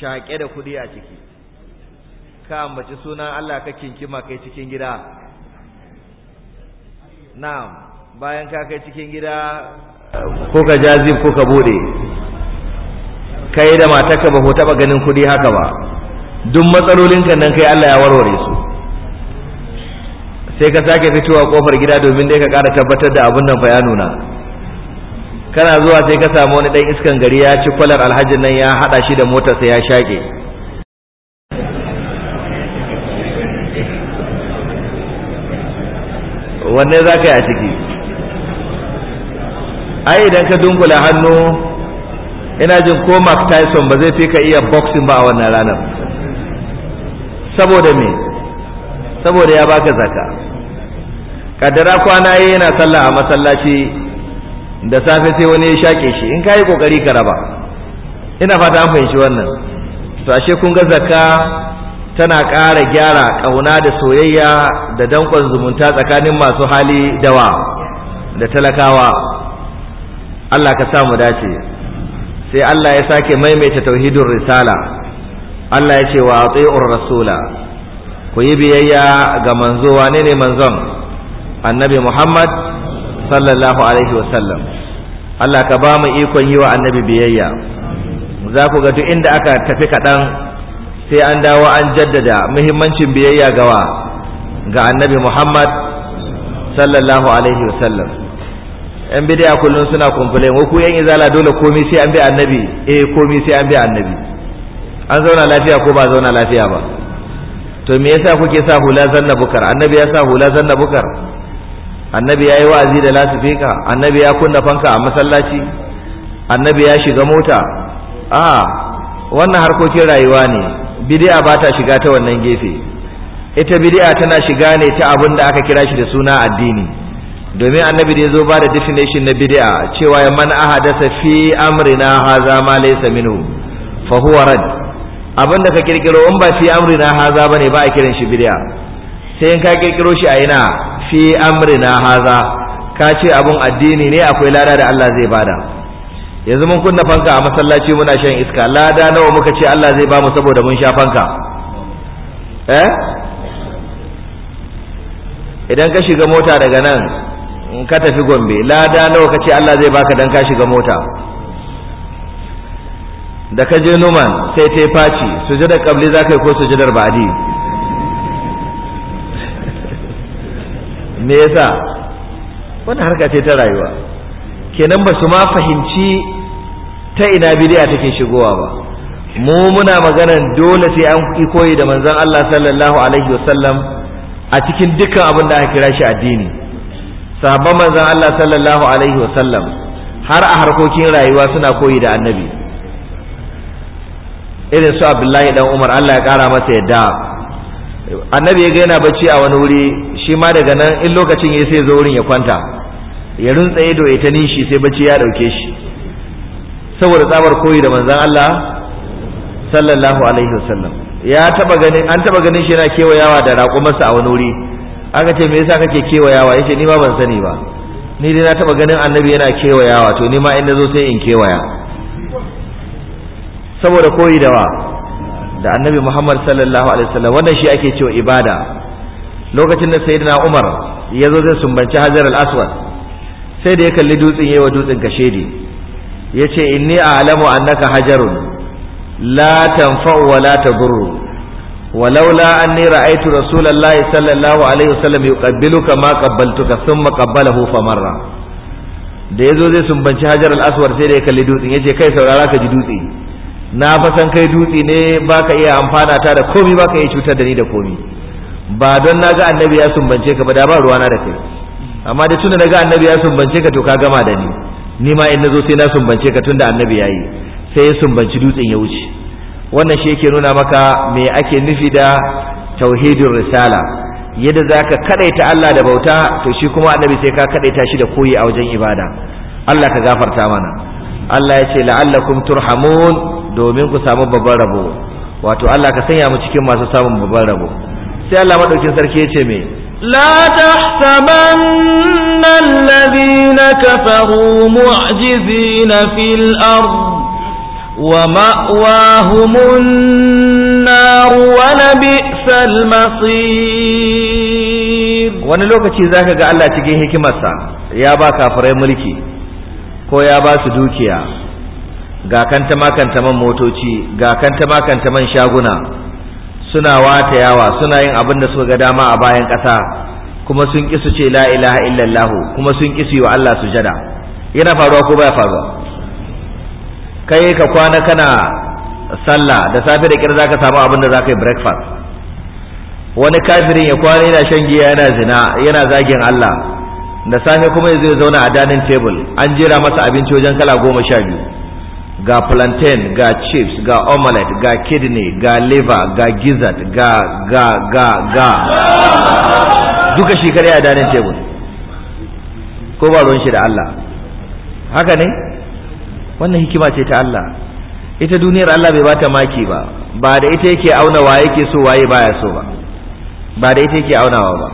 shaƙe da kuɗi a ciki ka ambaci sunan Allah ka kinkima kai cikin gida na'am bayan ka kai cikin gida ko ka jazib ko ka bude kai da matarka ba ko taba ganin kuɗi haka ba duk matsalolinka nan kai Allah ya warware su sai ka sake fitowa kofar gida domin dai ka ƙara tabbatar da abin nan fa ya nuna kana zuwa sai ka samu wani dan iskan gari ya ci kwalar alhajin nan ya haɗa shi da motar sai ya shake wanne za ka yi a ciki ai idan ka dunkula hannu ina jin ko mark tyson ba zai fi ka iya boxing ba a wannan ranar saboda me saboda ya baka zaka kadara kwana yana sallah a masallaci da safe sai wani ya shaƙe shi in kayi ƙoƙari ka raba ina fata an fahimci wannan to ashe kun ga Zaka tana ƙara gyara ƙauna da soyayya da danƙon zumunta tsakanin masu hali dawa da talakawa Allah ka sa mu dace sai Allah ya sake maimaita tauhidin risala Allah ya ce wa atiyur rasula ku yi biyayya ga manzo wane ne manzon annabi Muhammad sallallahu alaihi wasallam Allah ka ba mu ikon yi wa annabi biyayya za ku ga duk inda aka tafi kaɗan sai an dawo an jaddada muhimmancin biyayya gawa ga annabi Muhammad sallallahu alaihi wasallam yan bidiya kullum suna kumfule wa ku yan izala dole komai sai an bi annabi eh komai sai an bi annabi an zauna lafiya ko ba zauna lafiya ba to me yasa kuke sa hula zanna bukar annabi ya sa hula zanna bukar annabi ya yi wa'azi da lasifika annabi ya kunna fanka a masallaci annabi ya shiga mota a wannan harkokin rayuwa ne Bidiya ba ta shiga ta wannan gefe ita bidiya tana shiga ne ta abin da aka kira shi da suna addini domin annabi da ya zo ba da definition na bidiya, cewa ya man ahadasa fi amrina haza ma laysa minhu fa huwa rad abin da ka kirkiro in ba fi amrina haza bane ba a kiran shi bidiya. sai in ka kirkiro shi a ina fi amrina haza ka ce abun addini ne akwai lada da Allah zai bada yanzu mun kunna fanka a masallaci muna shan iska lada nawa muka ce Allah zai bamu saboda mun sha fanka eh idan ka shiga mota daga nan in ka tafi gombe lada nawa ka ce Allah zai baka dan ka shiga mota da ka je numan sai ta faci sujudar kabli za ka ko sujudar ba'adi me yasa wannan harka ce ta rayuwa kenan ba su ma fahimci ta ina bidiya take shigowa ba mu muna maganar dole sai an yi koyi da manzon Allah sallallahu alaihi wasallam a cikin dukkan abin da aka kira shi addini sahabban manzon Allah sallallahu alaihi wasallam har a harkokin rayuwa suna koyi da annabi irin su Abdullahi dan Umar Allah ya kara masa yadda annabi ya ga yana bacci a wani wuri shi ma daga nan in lokacin ya sai zo wurin ya kwanta ya rintsa ido ya ta nishi sai bacci ya dauke shi saboda tsabar koyi da manzan Allah sallallahu alaihi wasallam ya taba ganin an taba ganin shi yana kewayawa da raƙumarsa a wani wuri aka ce me yasa kake kewayawa yace ni ma ban sani ba ni dai na taba ganin annabi yana kewayawa to ni ma in nazo sai in kewaya saboda koyi da wa da annabi Muhammad sallallahu alaihi wasallam wannan shi ake cewa ibada lokacin da sayyidina Umar ya zo zai sumbanci Hajar al-Aswad sai da ya kalli dutsen yi wa dutsen kashedi yace inni a'lamu annaka hajarun la tanfa'u wa la tadur ولولا أني رأيت رسول الله صلى الله عليه ma يقبلك ما قبلتك ثم قبله da yazo zai sumbanci hajar al'aswar sai da ya kalli dutsen yace kai saurara ka ji dutse na fa san kai dutse ne baka iya amfana ta da komi baka iya cutar da ni da komi ba don na ga annabi ya sumbance ka ba da ba ruwana da kai amma da tunda na ga annabi ya sumbance ka to ka gama da ni ni ma in nazo sai na sumbance ka tunda annabi yayi sai ya sumbanci dutsen ya wuce wannan shi yake nuna maka me ake nufi da tauhidin risala yadda zaka ka ta Allah da bauta to shi kuma annabi sai ka kadaita shi da koyi a wajen ibada Allah ka gafarta mana Allah ya ce la'allakum turhamun domin ku samu babban rabo wato Allah ka sanya mu cikin masu samun babban rabo sai Allah madaukin sarki ya ce me لا تحسبن الذين كفروا معجزين في الأرض ومأواهم النار ولبئس المصير wani lokaci zaka ga Allah cikin hikimarsa ya ba kafirai mulki ko ya ba su dukiya ga kanta ma man motoci ga kanta ma man shaguna suna yawa suna yin abin da suka ga dama a bayan ƙasa kuma sun ƙi su ce la ilaha illallah kuma sun ƙi su yi wa Allah sujada yana faruwa ko baya faruwa kai ka kwana kana sallah da safe da kira zaka samu abin da zaka yi breakfast wani kafirin ya kwana yana shan giya yana zina yana zagin Allah da safe kuma ya ya zauna a dining table an jera masa abinci wajen kala goma sha biyu ga plantain ga chips ga omelette ga kidney ga liver ga gizzard ga ga ga ga duka shi kare a danin tebur ko ba ruwan shi da Allah haka ne wannan hikima ce ta Allah ita duniyar Allah bai bata maki ba ba da ita yake auna wa yake so waye baya so ba ba da ita yake aunawa ba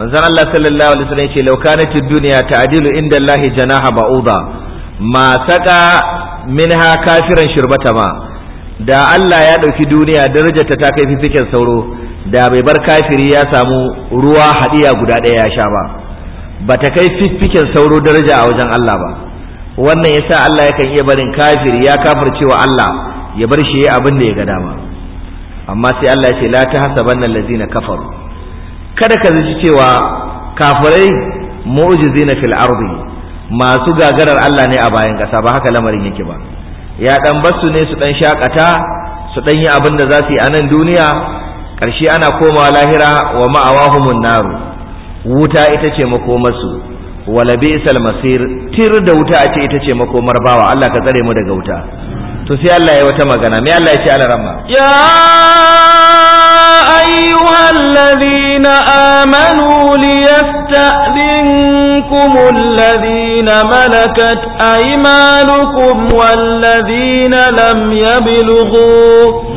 manzon Allah sallallahu alaihi wasallam yace law kanat dunya ta'dilu inda Allah janaha ba'uda ma saka minha kafiran shirbata ma da Allah ya ɗauki duniya darajarta ta kai fifiken sauro da bai bar kafiri ya samu ruwa haɗiya guda ɗaya ya sha ba ba ta kai fifiken sauro daraja a wajen Allah ba wannan yasa Allah yakan iya barin kafiri ya kafircewa Allah ya bar shi abin da ya ga dama amma sai Allah ya ce la tahsabanna allazina kafaru kada ka zaci cewa kafirai mu'jizina fil ardi masu gagarar Allah ne a bayan ƙasa ba haka lamarin yake ba ya dan basu ne su ɗan shakata su ɗan yi abin da za su yi a nan duniya ƙarshe ana komawa lahira wa ma'awahumun naru wuta ita ce makomarsu wala bi'sal masir tir da wuta a ce ita ce makomar bawa Allah ka tsare mu daga wuta to sai Allah ya wata magana me Allah ya ce alaramma ya هم الذين ملكت أيمانكم والذين لم يبلغوا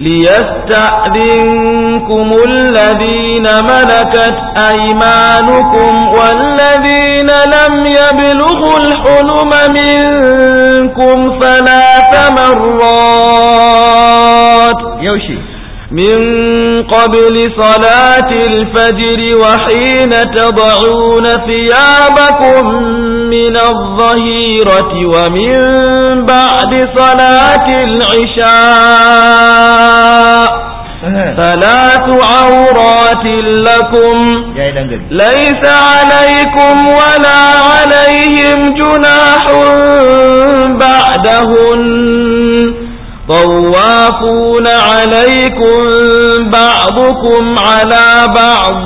ليستأذنكم الذين ملكت أيمانكم والذين لم يبلغوا الحلم منكم ثلاث مرات يوشي من قبل صلاة الفجر وحين تضعون ثيابكم من الظهيرة ومن بعد صلاة العشاء ثلاث عورات لكم ليس عليكم ولا عليهم جناح بعدهن طوافون عليكم بعضكم على بعض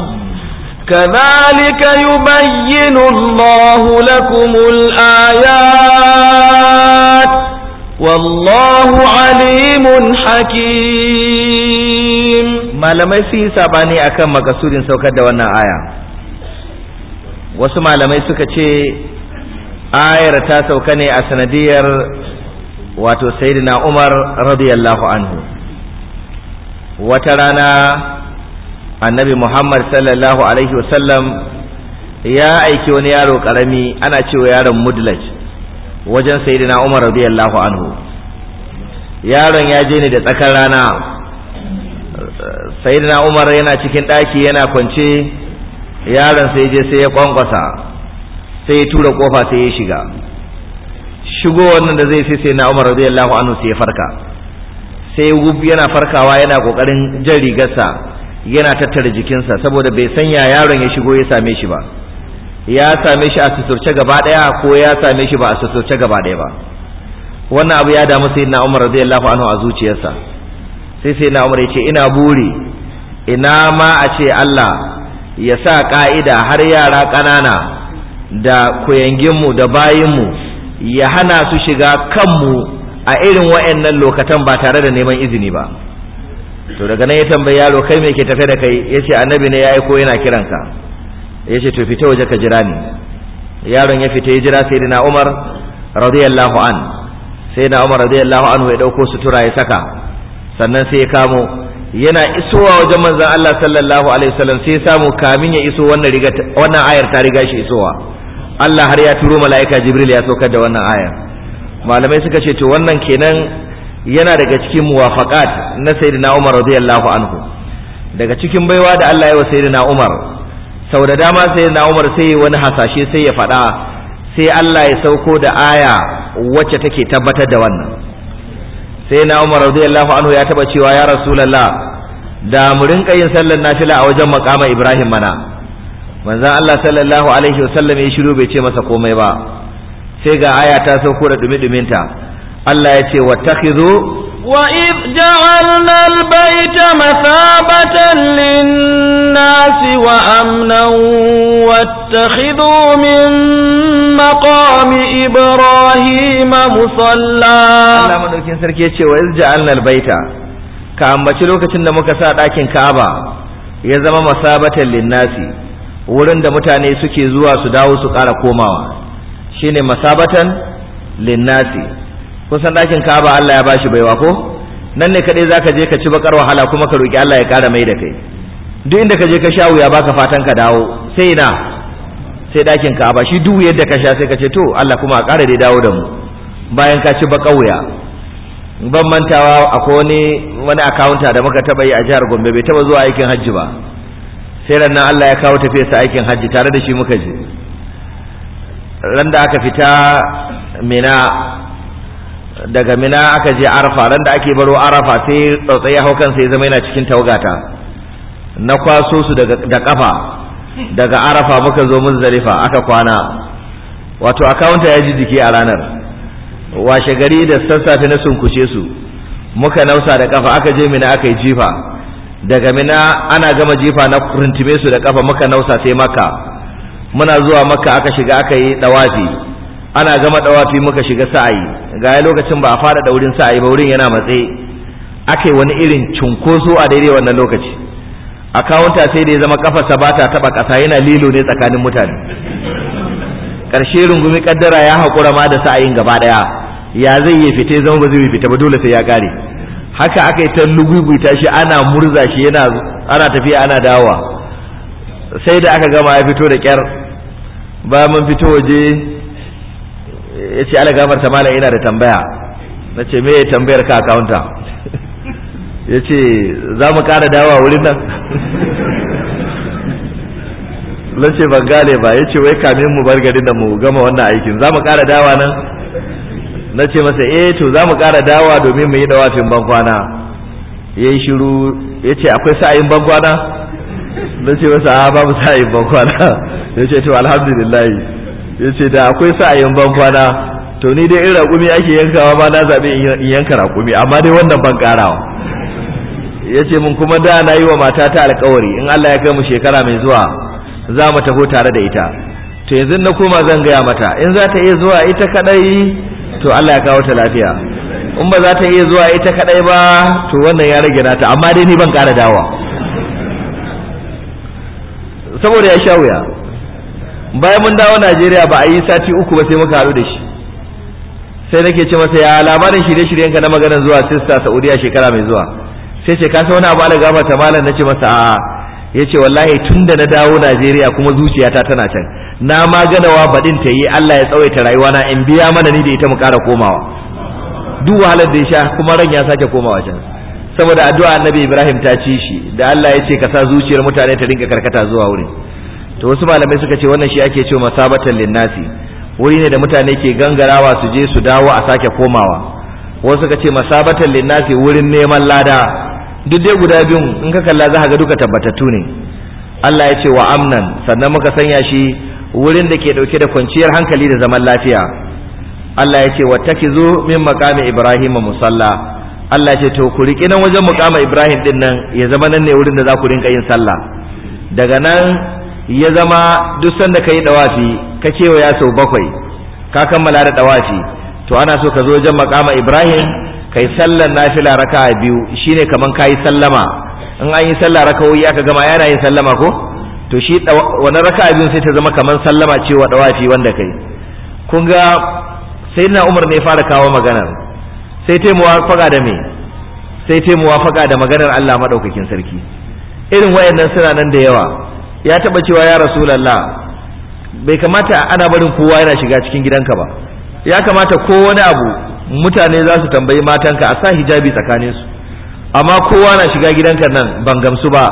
كذلك يبين الله لكم الآيات والله عليم حكيم malamai sun yi sabani akan makasudin saukar da wannan aya wasu malamai suka ce ayar ta sauka ne a sanadiyar wato sayyidina Umar radiyallahu anhu wata rana annabi Muhammad sallallahu alaihi wasallam ya aiki wani yaro karami ana cewa yaron mudlaj wajen sayyidina Umar radiyallahu anhu yaron ya je ne da tsakar rana sayyidina Umar yana cikin ɗaki yana kwance yaron sai je sai ya kwankwasa sai ya tura kofa sai ya shiga shigo wannan da zai sai sai na Umar radiyallahu anhu sai ya farka sai wub yana farkawa yana kokarin jan rigarsa yana tattara jikinsa saboda bai san ya yaron ya shigo ya same shi ba ya same shi a susurce gaba daya ko ya same shi ba a susurce gaba daya ba wannan abu ya damu sayyidina Umar radiyallahu anhu a zuciyarsa sai sayyidina Umar ya ce ina buri ina ma a ce Allah ya sa ka'ida har yara ƙanana da mu da bayin mu. ya hana su shiga kanmu a irin wa'annan lokatan ba tare da neman izini ba to daga nan ya tambayi yaro kai me ke tafe da kai yace annabi ne ya aiko yana kiranka yace to fita waje ka jira ni yaron ya fita ya jira sayyidina Umar radiyallahu an sayyidina Umar radiyallahu an ya dauko sutura ya saka sannan sai ya kamo yana isowa wajen manzon Allah sallallahu alaihi wasallam sai ya samu kamin ya iso wannan rigar wannan ayar ta riga shi isowa Allah har ya turo mala'ika Jibril ya saukar da wannan aya malamai suka ce to wannan kenan yana daga cikin muwafaqat na sayyidina Umar radiyallahu anhu daga cikin baiwa da Allah ya wa sayyidina Umar sau da dama sayyidina Umar sai wani hasashe sai ya faɗa sai Allah ya sauko da aya wacce take tabbatar da wannan sayyidina Umar radiyallahu anhu ya taba cewa ya rasulullah da mu rinka yin sallar nafila a wajen makama Ibrahim mana manzon Allah sallallahu alaihi wasallam ya shiru bai ce masa komai ba sai ga aya ta sauko da dumi ta Allah ya ce wattakhidhu wa id ja'alna al-bayta mathabatan lin-nasi wa amnan wattakhidhu min maqami ibrahima musalla Allah madaukin sarki ya ce wa id ja'alna al-bayta ka ambaci lokacin da muka sa ɗakin Ka'aba ya zama masabatan lin-nasi wurin da mutane suke zuwa su dawo su ƙara komawa shine masabatan linnasi kusan ɗakin kaba Allah ya bashi baiwa ko nan ne kaɗai zaka je ka ci bakar wahala kuma ka roki Allah ya ƙara mai da kai duk inda ka je ka sha wuya baka fatan ka dawo sai na sai ɗakin kaba shi duk yadda ka sha sai ka ce to Allah kuma a ƙara dai dawo da mu bayan ka ci bakar wuya ban mantawa akwai wani wani akawunta da muka taɓa yi a jihar Gombe bai taɓa zuwa aikin hajji ba sai nan Allah ya kawo tafiya sa aikin hajji tare da shi muka je ran da aka fita mina daga mina aka je arafa ran da ake baro arafa sai tsautsayi hau kansa ya zama yana cikin taugata na kwaso su da kafa daga arafa muka zo muzdalifa aka kwana wato akawunta ya ji jiki a ranar washe gari da sassafe na sunkuce su muka nausa da kafa aka je mina aka yi jifa daga mina ana gama jifa na rintime su da kafa maka nausa sai maka muna zuwa maka aka shiga aka yi dawafi ana gama dawafi muka shiga sa'ayi ga ya lokacin ba a fara da wurin sa'ayi ba wurin yana matse ake wani irin cunkoso a daidai wannan lokaci a kawunta sai da ya zama kafarsa ba ta taba kasa yana lilo ne tsakanin mutane ƙarshe rungumi kaddara ya haƙura ma da sa'ayin gaba daya ya zai yi fita zama ba zai fita ba dole sai ya kare haka aka yi ta lugubuta shi ana murza shi yana ana tafiya ana dawa sai da aka gama ya fito da kyar ba mun fito waje ya ce ala gamar malam ina da tambaya na ce me tambayar ka kaunta ya ce za mu kara dawa wurin nan na ce ban gane ba ya ce wai kamin mu bar garin da mu gama wannan aikin za mu kara dawa nan na ce masa eh to za mu ƙara dawa domin mu yi dawafin bankwana ya yi shiru ya ce akwai sa'ayin bankwana na ce masa a mu sa'ayin bankwana ya ce to alhamdulillah ya ce da akwai sa'ayin bankwana to ni dai in raƙumi ake yankawa ba na zaɓi in yanka raƙumi amma dai wannan ban ƙarawa ya ce mun kuma da na yi wa matata alƙawari in Allah ya kai mu shekara mai zuwa za mu taho tare da ita to yanzu na koma zan gaya mata in za ta iya zuwa ita kaɗai to Allah ya kawo ta lafiya in ba za ta iya zuwa ita kadai ba to wannan ya rage nata amma dai ni ban kara dawa saboda ya sha wuya bayan mun dawo Najeriya ba a yi sati uku ba sai muka haɗu da shi sai nake ce masa ya labarin shirye-shiryen na maganar zuwa sista Saudiya shekara mai zuwa sai ce ka san wani abu Allah gaba ta malam nace masa a'a ya ce wallahi tun da na dawo najeriya kuma zuciyata tana can na ma ganawa baɗin ta yi allah ya tsawaita rayuwa na in biya mana ni da ita mu ƙara komawa duk wahalar da ya sha kuma ran ya sake komawa can saboda addu'a annabi ibrahim ta ci shi da allah ya ce ka sa zuciyar mutane ta rinka karkata zuwa wuri to wasu malamai suka ce wannan shi ake cewa masabatan linnasi wuri ne da mutane ke gangarawa su je su dawo a sake komawa wasu suka ce masabatan linnasi wurin neman lada duk dai guda biyun in ka kalla za ga duka tabbatattu ne Allah ya ce wa amnan sannan muka sanya shi wurin da ke dauke da kwanciyar hankali da zaman lafiya Allah ya ce wa zo min makamin ibrahim musalla Allah ya ce to ku riki nan wajen mukama ibrahim din nan ya zama nan ne wurin da za ku rinka yin sallah daga nan ya zama duk sanda kai dawafi ka ya sau bakwai ka kammala da dawafi to ana so ka zo wajen mukama ibrahim kai sallar nafila raka biyu shine kaman kayi sallama in an yi sallah raka'o'i aka gama yana yin sallama ko to shi wani raka biyu sai ta zama kaman sallama cewa wa dawafi wanda kai kun ga sai na Umar ne fara kawo maganar sai ta muwafaka da me sai ta muwafaka da maganar Allah madaukakin sarki irin wayannan suna nan da yawa ya taba cewa ya rasulullah bai kamata ana barin kowa yana shiga cikin gidanka ba ya kamata ko wani abu mutane za su tambayi matanka a sa hijabi tsakanin su amma kowa na shiga gidanka nan ban gamsu ba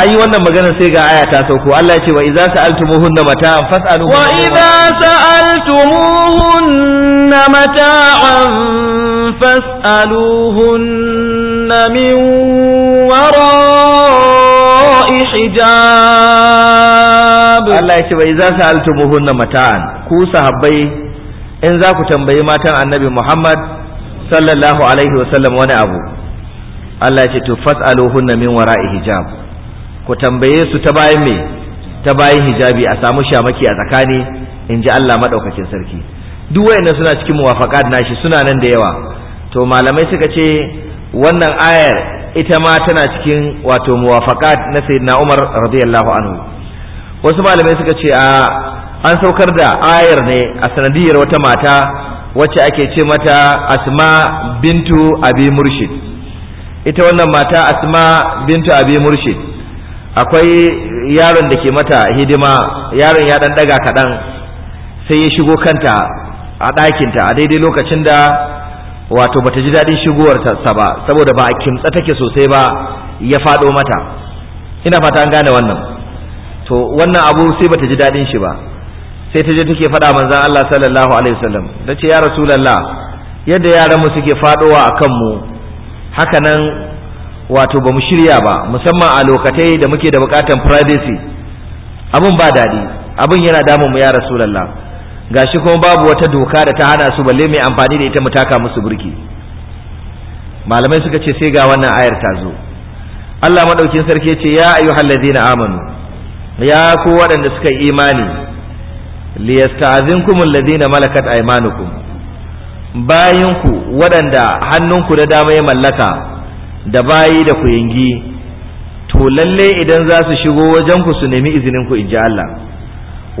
an yi wannan magana sai ga aya ta sauko Allah ya ce wa idza sa'altumuhunna mata'an fas'alu wa idza sa'altumuhunna mata'an fas'aluhunna min wara'i hijab Allah ya ce wa idza sa'altumuhunna mata'an ku sahabbai in za ku tambayi matan annabi Muhammad sallallahu alaihi wasallam wani abu Allah ce to fas'aluhunna min wara'i hijab ku tambaye su ta bayan me ta bayan hijabi a samu shamaki a tsakani in ji Allah madaukakin sarki duk wayannan suna cikin muwafaqat nashi suna nan da yawa to malamai suka ce wannan ayar ita ma tana cikin wato muwafaqat na sayyidina Umar radiyallahu anhu wasu malamai suka ce a an saukar da ayar ne a sanadiyar wata mata wacce ake ce mata asma bintu abi murshid ita wannan mata asma bintu abi murshid akwai yaron da ke mata hidima yaron ya dan daga kaɗan sai ya shigo kanta a ɗakinta a daidai lokacin da wato bata ji daɗin shigowarsa ba saboda ba a kimtsa take sosai ba ya faɗo mata ina fata an gane wannan to wannan abu sai bata ji daɗin shi ba sai ta je take faɗa manzan Allah sallallahu alaihi wasallam ta ce ya rasulallah yadda yaran mu suke faɗowa a kanmu haka nan wato ba mu shirya ba musamman a lokatai da muke da bukatan privacy abun ba daɗi abin yana damun mu ya rasulallah gashi kuma babu wata doka da ta hana su balle mai amfani da ita mu taka musu burki malamai suka ce sai ga wannan ayar ta zo Allah madaukin sarki ya ce ya ayyuhallazina amanu ya ku waɗanda suka yi imani liyasta'azinkum alladhina malakat aymanukum bayinku waɗanda hannunku da dama ya mallaka da bayi da ku yangi to lalle idan za su shigo wajen ku su nemi izinin ku inji Allah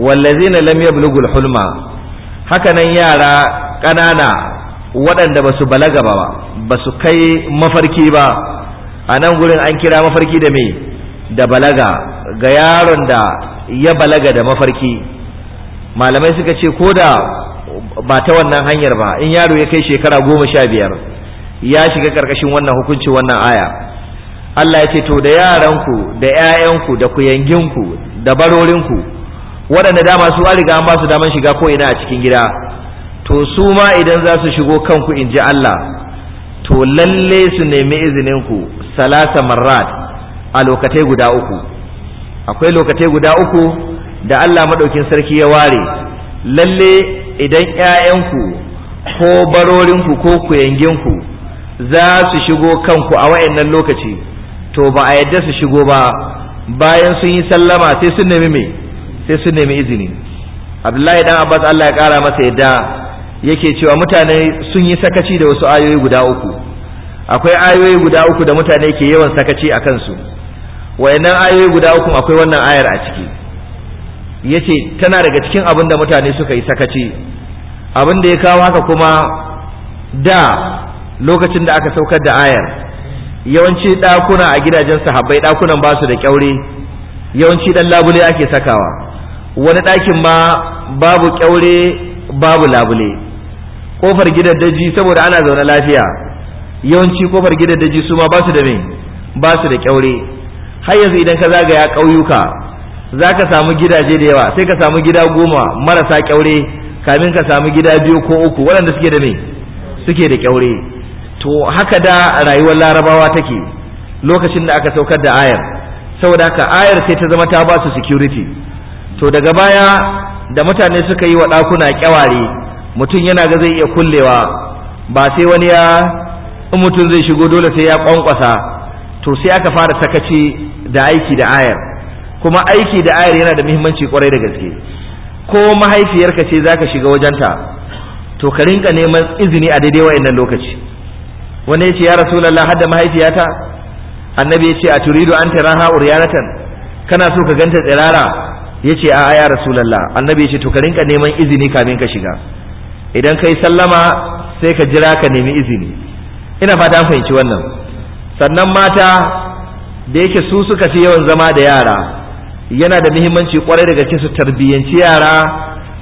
wallazina lam yablughul hulma haka nan yara ƙanana waɗanda ba su balaga ba ba su kai mafarki ba a nan gurin an kira mafarki da me da balaga ga yaron da ya balaga da mafarki malamai suka ce ko da ba ta wannan hanyar ba in yaro ya kai shekara goma sha biyar ya shiga karkashin wannan hukunci wannan aya Allah ya ce to da yaranku da 'ya'yanku da ku kuyanginku da barorinku waɗanda dama su an riga an ba su daman shiga ko ina a cikin gida to su ma idan za su shigo kanku in ji Allah to lalle su nemi izinin ku salasa marrat a lokatai guda uku akwai lokacin guda uku da Allah maɗaukin sarki ya ware lalle idan ‘ya'yanku ko barorinku ko kuyanginku za su shigo kanku a wa'yannan lokaci to ba a yadda su shigo ba bayan sun yi sallama sai sun nemi me sai sun nemi izini abdullahi dan abbas Allah ya ƙara masa yadda yake cewa mutane sun yi sakaci da wasu ayoyi guda uku akwai ayoyi guda uku da mutane ke yawan sakaci a kansu wayannan ayoyi guda uku akwai wannan ayar a ciki yace tana daga cikin abin da mutane suka yi sakaci abin da ya kawo haka kuma da lokacin da aka saukar da ayar yawanci ɗakuna a gidajen sahabbai ɗakunan ba su da kyaure yawanci dan labule ake sakawa wani ɗakin ma babu kyaure babu labule kofar gidan daji saboda ana zaune lafiya yawanci kofar gidan daji su ma ba su da me ba su da kyaure har yanzu idan ka zagaya ƙauyuka za ka samu gidaje da yawa sai ka samu gida goma marasa ƙyaure kamin ka samu gida biyu ko uku waɗanda suke da me suke da ƙyaure to haka da rayuwar larabawa take lokacin da aka saukar da ayar saboda haka ayar sai ta zama ta ba su security to daga baya da mutane suka yi wa ɗakuna ƙyaware mutum yana ga zai iya kullewa ba sai wani ya in mutum zai shigo dole sai ya ƙwanƙwasa to sai aka fara sakaci da aiki da ayar kuma aiki da ayar yana da muhimmanci kwarai da gaske ko mahaifiyarka ce za ka shiga wajenta to ka rinka neman izini a daidai wa'annan lokaci wani ya ce ya rasu rasulallah hadda mahaifiyata annabi ya ce a turidu an taraha uryanatan kana so ka ganta tsirara ya ce a ya rasulallah annabi ya ce to ka rinka neman izini kamin ka shiga idan kai sallama sai ka jira ka nemi izini ina fata an fahimci wannan sannan mata da yake su suka fi yawan zama da yara yana da muhimmanci kwarai daga gaske su tarbiyyanci yara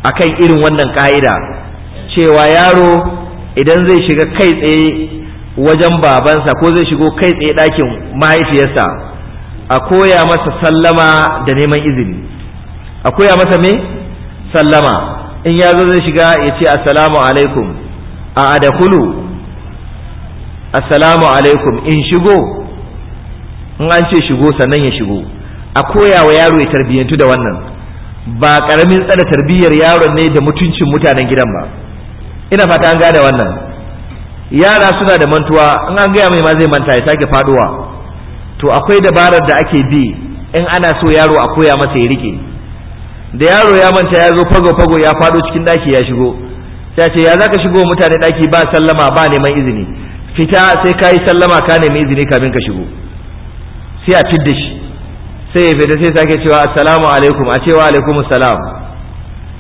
a kan irin wannan ka'ida cewa yaro idan zai shiga kai tsaye wajen babansa ko zai shigo kai tsaye ɗakin mahaifiyarsa a koya masa sallama da neman izini a koya masa me sallama in ya zo zai shiga ya ce assalamu alaikum a adakulu assalamu alaikum in shigo in an ce shigo sannan ya shigo a koya wa yaro ya tarbiyyantu da wannan ba karamin tsada tarbiyyar yaron ne da mutuncin mutanen gidan ba ina fata an gane wannan yara suna da mantuwa in an gaya mai ma zai manta ya sake faduwa to akwai dabarar da ake bi in ana so yaro a koya masa ya rike da yaro ya manta ya zo fago fago ya fado cikin daki ya shigo sai ce ya zaka shigo mutane daki ba sallama ba neman izini fita sai ka yi sallama ka nemi izini kamin ka shigo sai a tidda shi sai ya fita sai sake cewa assalamu alaikum a cewa alaikum salam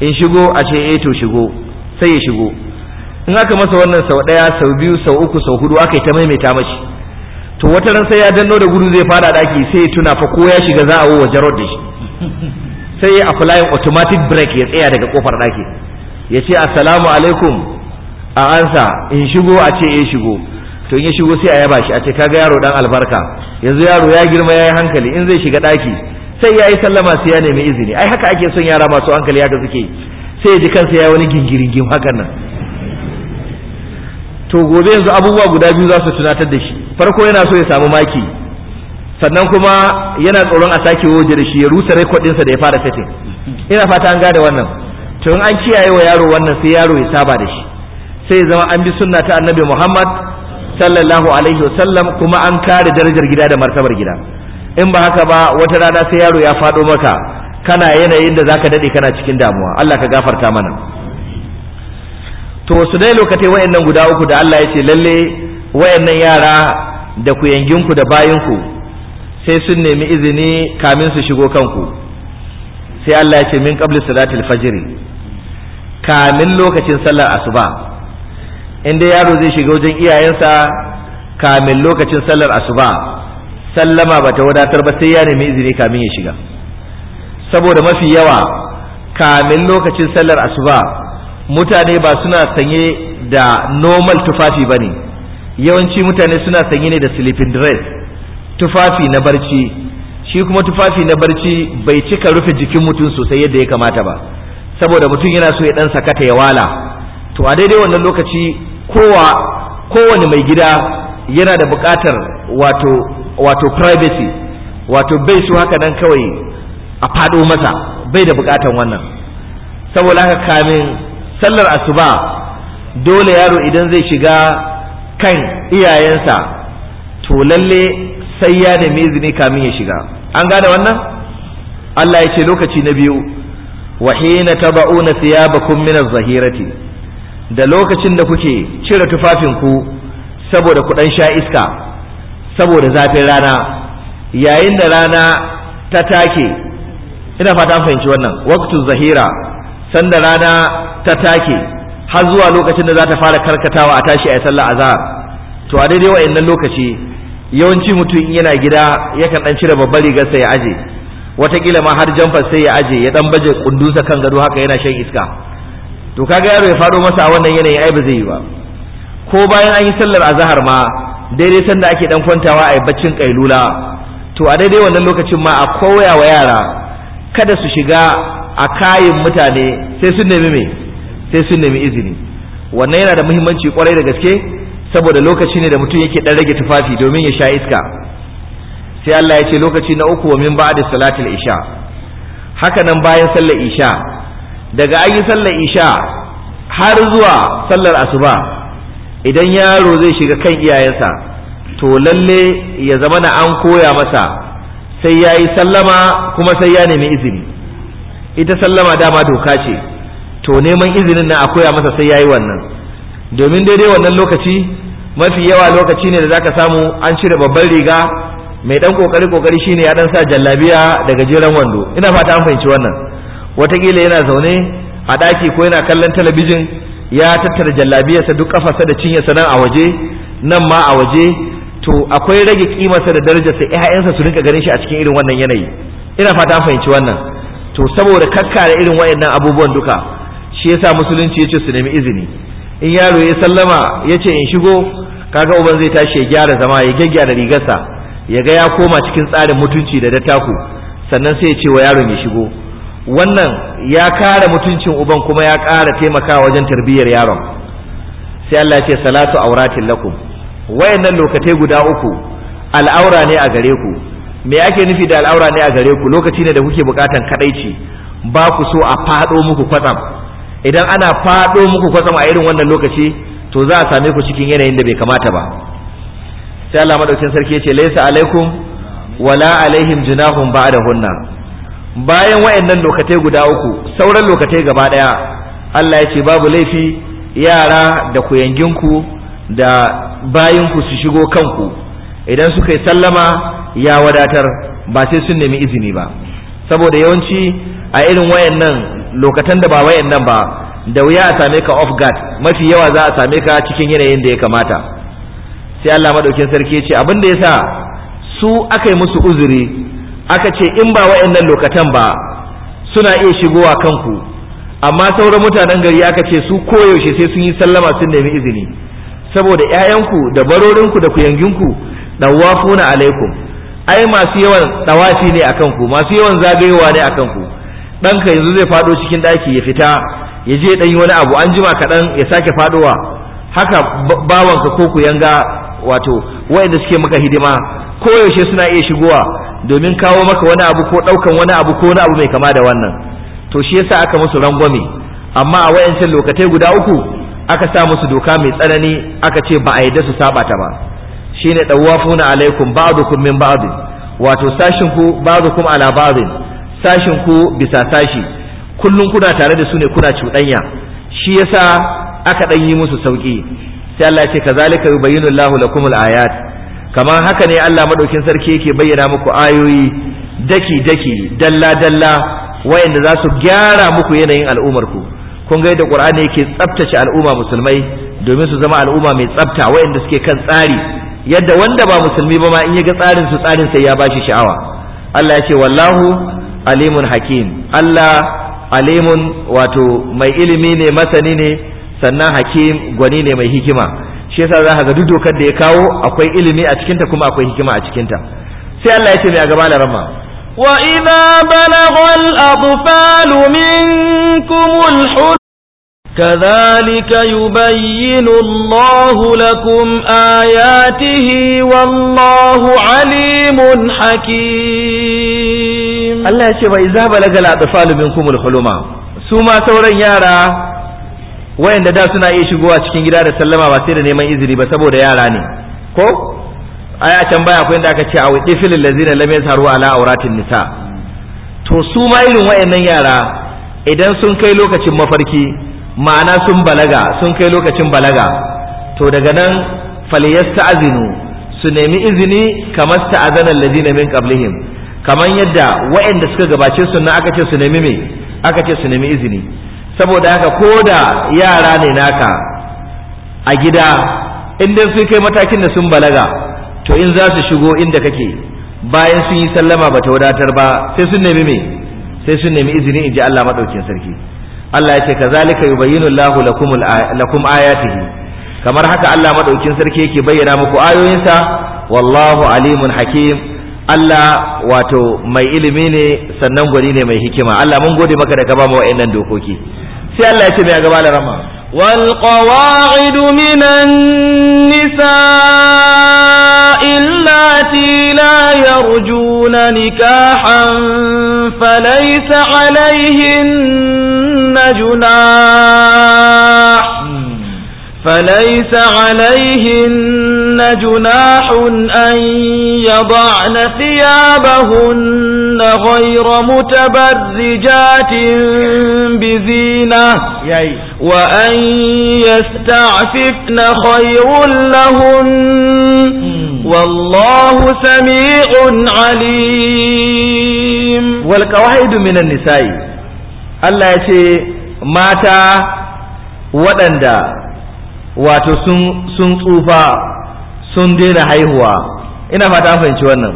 in shigo a ce eh to shigo sai ya shigo in aka masa wannan sau ɗaya sau biyu sau uku sau hudu aka yi ta maimaita mashi to wata ran sai ya danno da gudu zai fada daki sai ya tuna fa ko ya shiga za a wo wajen da shi sai ya apply automatic break ya tsaya daga kofar daki ya ce assalamu alaikum a ansa in shigo a ce eh shigo to in ya shigo sai a yaba shi a ce kaga yaro dan albarka yanzu yaro ya girma yayi hankali in zai shiga daki sai yayi sallama sai ya nemi izini ai haka ake son yara masu hankali haka suke sai ya ji kansa ya wani gingiringim hakan nan to gobe yanzu abubuwa guda biyu za su tunatar da shi farko yana so ya samu maki sannan kuma yana tsoron a sake waje da shi ya rusa rekodinsa da ya fara setting ina fata an gane wannan to in an kiyaye wa yaro wannan sai yaro ya saba da shi sai zama an bi sunna ta annabi Muhammad sallallahu alaihi wasallam kuma an kare darajar gida da martabar gida in ba haka ba wata rana sai yaro ya faɗo maka kana yanayin da zaka dade kana cikin damuwa Allah ka gafarta mana to su dai lokacin wayannan guda uku da Allah ya ce lalle wayannan yara da ku yanginku da ku sai sun nemi izini kamin su shigo kanku sai Allah ya ce min qabli salatil fajr kamin lokacin sallar asuba in dai yaro zai shiga wajen iyayensa kamin lokacin sallar asuba sallama bata wadatar ba sai ya nemi izini kamin ya shiga saboda mafi yawa kamin lokacin sallar asuba mutane ba suna sanye da normal tufafi ba ne yawanci mutane suna sanye ne da sleeping dress tufafi na barci shi kuma tufafi na barci bai cika rufe jikin mutum sosai yadda ya kamata ba saboda mutum yana so ya ɗan sakata ya wala to a daidai wannan lokaci kowa kowane mai gida yana da buƙatar wato wato privacy wato bai su haka nan kawai a faɗo masa bai da buƙatar wannan saboda haka kamin sallar asuba dole yaro idan zai shiga kan iyayensa to lalle sai ya nemi izini kamin ya shiga an gane wannan Allah ya ce lokaci na biyu wa hina taba'una thiyabakum min az-zahirati da lokacin da kuke cire tufafinku saboda kuɗan sha iska saboda zafin rana yayin da rana ta take ina fata an fahimci wannan waqtu zahira sanda rana ta take har zuwa lokacin da za ta fara karkatawa a tashi a yi sallar azhar to a daidai wa'annan lokaci yawanci mutum in yana gida yakan dan cire babbar rigar rigarsa ya aje watakila ma har jamfar sai ya aje ya dan baje kundusa kan gado haka yana shan iska to kaga yaro ya faɗo masa a wannan yanayin ai ba zai yi ba ko bayan an yi sallar azahar ma daidai sanda ake dan kwantawa a yi baccin kailula to a daidai wannan lokacin ma a koya wa yara kada su shiga a kayin mutane sai sun nemi me sai sun nemi izini wannan yana da muhimmanci kwarai da gaske saboda lokaci ne da mutum yake dan rage tufafi domin ya sha iska sai Allah ya ce lokaci na uku wa min ba'da salatul isha haka nan bayan sallar isha daga an yi sallar isha har zuwa sallar asuba idan yaro zai shiga kan iyayensa to lalle ya zama na an koya masa sai ya yi sallama kuma sai ya nemi izini ita sallama dama doka ce to neman izinin na a koya masa sai ya yi wannan domin daidai wannan lokaci mafi yawa lokaci ne da zaka samu an cire babban riga mai dan kokari kokari shine ya dan sa jallabiya daga jeren wando ina fata an fahimci wannan watakila yana zaune a ɗaki ko yana kallon talabijin ya tattara jallabiyarsa duk kafarsa da cinyarsa sanan a waje nan ma a waje to akwai rage kimarsa da darajarsa ƴaƴansa su rinka ganin shi a cikin irin wannan yanayi ina fata fahimci wannan to saboda kakkare irin wayannan abubuwan duka shi yasa musulunci yace su nemi izini in yaro ya sallama yace in shigo kaga uban zai tashi ya gyara zama ya gyaggyara rigarsa ya ga ya koma cikin tsarin mutunci da dattaku sannan sai ya ce wa yaron ya shigo wannan ya kare mutuncin uban kuma ya kara taimakawa wajen tarbiyyar yaron sai Allah ce salatu auratin lakum wayannan lokatai guda uku al'aura ne a gare ku me ake nufi da al'aura ne a gare ku lokaci ne da kuke bukatan kadaici ba ku so a fado muku kwatsam idan ana fado muku kwatsam a irin wannan lokaci to za a same ku cikin yanayin da bai kamata ba sai Allah madaukakin sarki ya ce laysa alaikum wala alaihim junahum hunna bayan wayannan lokatai guda uku sauran lokatai gaba daya Allah ya ce babu laifi yara da kuyanginku da bayinku su shigo kanku idan suka yi sallama ya wadatar ba sai sun nemi izini ba saboda yawanci a irin wayannan lokatan da ba wayannan ba da wuya a same ka off guard mafi yawa za a same ka cikin yanayin da ya kamata sai Allah madaukin sarki ya ce abin da yasa su aka yi musu uzuri aka ce in ba wa'annan lokatan ba suna iya shigowa kanku amma sauran mutanen gari aka ce su koyaushe sai sun yi sallama sun nemi izini saboda 'ya'yanku da barorinku da kuyanginku dawafuna alaikum ai masu yawan dawafi ne akan ku masu yawan zagayowa ne akan ku ɗanka yanzu zai faɗo cikin ɗaki ya fita ya je ɗan yi wani abu an jima kaɗan ya sake faɗowa haka bawanka ko ku yanga wato wa'anda suke maka hidima koyaushe suna iya shigowa domin kawo maka wani abu ko ɗaukan wani abu ko wani abu mai kama da wannan to shi yasa aka musu rangwame amma a wayancin lokatai guda uku aka sa musu doka mai tsanani aka ce ba a yadda su saba ta ba shine dawafuna alaikum ba'dukum min ba'd wato sashin ku ba'dukum ala ba'd sashin ku bisa sashi kullun kuna tare da su ne kuna cuɗanya shi yasa aka dan yi musu sauki sai Allah ya ce kazalika yubayyinu Allahu lakumul ayat kamar haka ne Allah madaukin sarki yake bayyana muku ayoyi daki daki dalla dalla wayanda za su gyara muku yanayin al'ummar ku kun ga yadda Qur'ani yake tsaftace al'umma musulmai domin su zama al'umma mai tsafta wayanda suke kan tsari yadda wanda ba musulmi ba ma in ya ga tsarin su tsarin sai ya bashi sha'awa Allah ya ce wallahu alimun hakim Allah alimun wato mai ilimi ne masani ne sannan hakim gwani ne mai hikima shi yasa za ka ga duk dokar da ya kawo akwai ilimi a cikinta kuma akwai hikima a cikinta sai Allah ya ce mai a gaba da wa ina bala gwal a bufalu min kumul hul ka zalika yi bayi na allahu lakum a ya tihi wa allahu alimun hakim Allah ya ce bai zaba lagala a bufalu min kumul huluma su sauran yara wayanda da suna iya shigowa cikin gida da sallama ba sai da neman izini ba saboda yara ne ko ai a can baya akwai inda aka ce a wifil lazina lam yasharu ala auratin nisa to su ma irin wayannan yara idan sun kai lokacin mafarki ma'ana sun balaga sun kai lokacin balaga to daga nan falyasta'zinu su nemi izini kamar ta'azana allazina min qablihim kamar yadda wayanda suka gabace sunna aka ce su nemi me aka ce su nemi izini saboda haka ko da yara ne naka a gida inda sun kai matakin da sun balaga to in za su shigo inda kake bayan sun yi sallama ba ta wadatar ba sai sun nemi me sai sun nemi izini in ji Allah madaukin sarki Allah ya ce kazalika yubayyinu Allahu lakum lakum ayatihi kamar haka Allah madaukin sarki yake bayyana muku ayoyinsa wallahu alimun hakim Allah wato mai ilimi ne sannan gwani ne mai hikima Allah mun gode maka da ka ba mu wa'annan dokoki sai Allah ya ce mai gaba da rama wal qawaid minan nisa illati la alaihin najuna hmm. فليس عليهن جناح أن يضعن ثيابهن غير متبرجات بزينة وأن يستعففن خير لهن والله سميع عليم واحد من النساء الله يشي ماتا ودندا wato sun tsufa sun daina haihuwa ina fata an fahimci wannan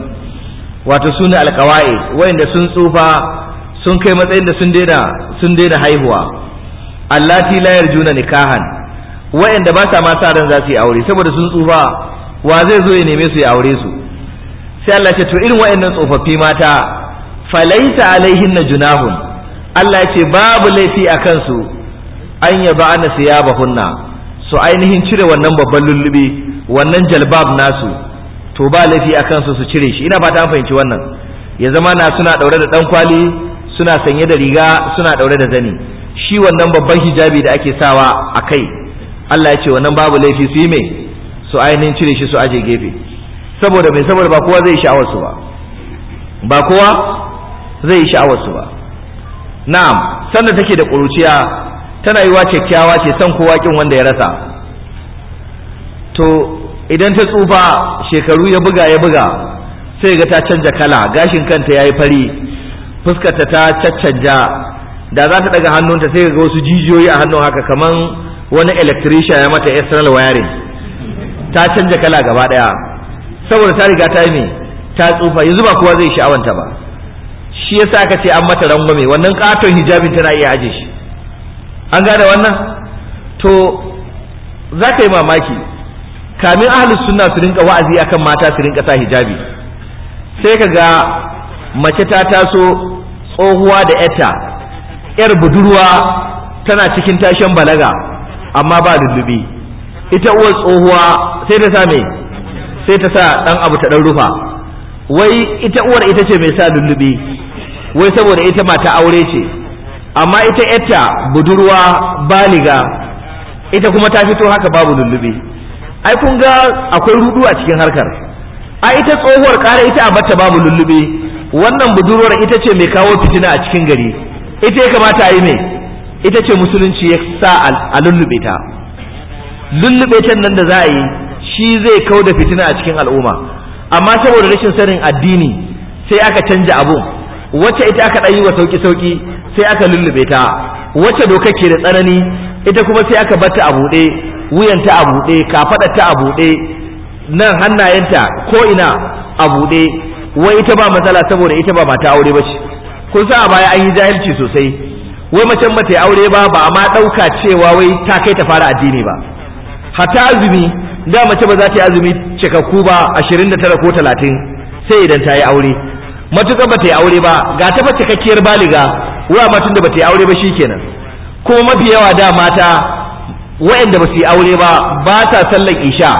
wato su ne alkawai sun tsufa sun kai matsayin da sun daina sun haihuwa allati la yarjuna nikahan wayanda ba sa ma sa ran za su yi aure saboda sun tsufa wa zai zo ya neme su ya aure su sai Allah ce to irin wa'annan tsofaffi mata falaita na junahun Allah ya ce babu laifi a kansu an yaba ana bahunna su ainihin cire wannan babban lullubi wannan jalbab nasu to ba laifi a kansu su cire shi ina ba ta fahimci wannan ya zama na suna daure da dan kwali suna sanye da riga suna daure da zani shi wannan babban hijabi da ake sawa a kai Allah ya ce wannan babu laifi su yi me su ainihin cire shi su aje gefe saboda mai saboda ba kowa zai sha'awar su ba ba kowa zai sha'awar su ba na'am sanda take da kuruciya tana yi yiwa kyakkyawa ce san kowa kin wanda ya rasa to idan ta tsufa shekaru ya buga ya buga sai ga ta canja kala gashin kanta yayi fari fuskarta ta caccanja da za ta daga hannunta sai ga wasu jijiyoyi a hannun haka kaman wani electrician ya mata external wiring ta canja kala gaba daya saboda ta riga ta yi ne ta tsufa yanzu ba kowa zai sha'awanta ba shi yasa aka ce an mata rangwame wannan katon hijabin tana iya aje shi an gane wannan to za ka yi mamaki kamin ahalus sunna su rinka wa'azi akan mata su rinka sa hijabi sai ka ga mace ta taso tsohuwa da yarta yar budurwa tana cikin tashen balaga amma ba lullubi ita uwar tsohuwa sai ta sa me sai ta sa dan abu ta dan rufa wai ita uwar ita ce mai sa lullubi wai saboda ita mata aure ce amma ita yatta budurwa baliga ita kuma ta fito haka babu lullube ai kun ga akwai rudu a cikin harkar a ita tsohuwar kara ita a bata babu lullube wannan budurwar ita ce mai kawo fitina a cikin gari ita ya kamata a yi mai ita ce musulunci ya sa a lullube ta lullube ta nan da za a yi shi zai kau da fitina a cikin al'umma amma saboda rashin sanin addini sai aka canja abun wacce ita aka ɗan yi wa sauƙi-sauƙi sai aka lullube ta wacce doka ke da tsanani ita kuma sai aka batta a buɗe wuyanta a buɗe kafaɗarta a buɗe nan hannayenta ko ina a buɗe wai ita ba matsala saboda ita ba mata aure ba ce kun sa a baya an yi jahilci sosai wai macen mata aure ba ba ma ɗauka cewa wai ta kai ta fara addini ba hatta azumi da mace ba za ta yi azumi cikakku ba ashirin da tara ko talatin sai idan ta yi aure matuƙa ba ta yi aure ba ga ta fa kakkiyar baliga wa matun da ba ta yi aure ba shikenan kuma mafi yawa da mata waɗanda ba su yi aure ba ba ta sallar isha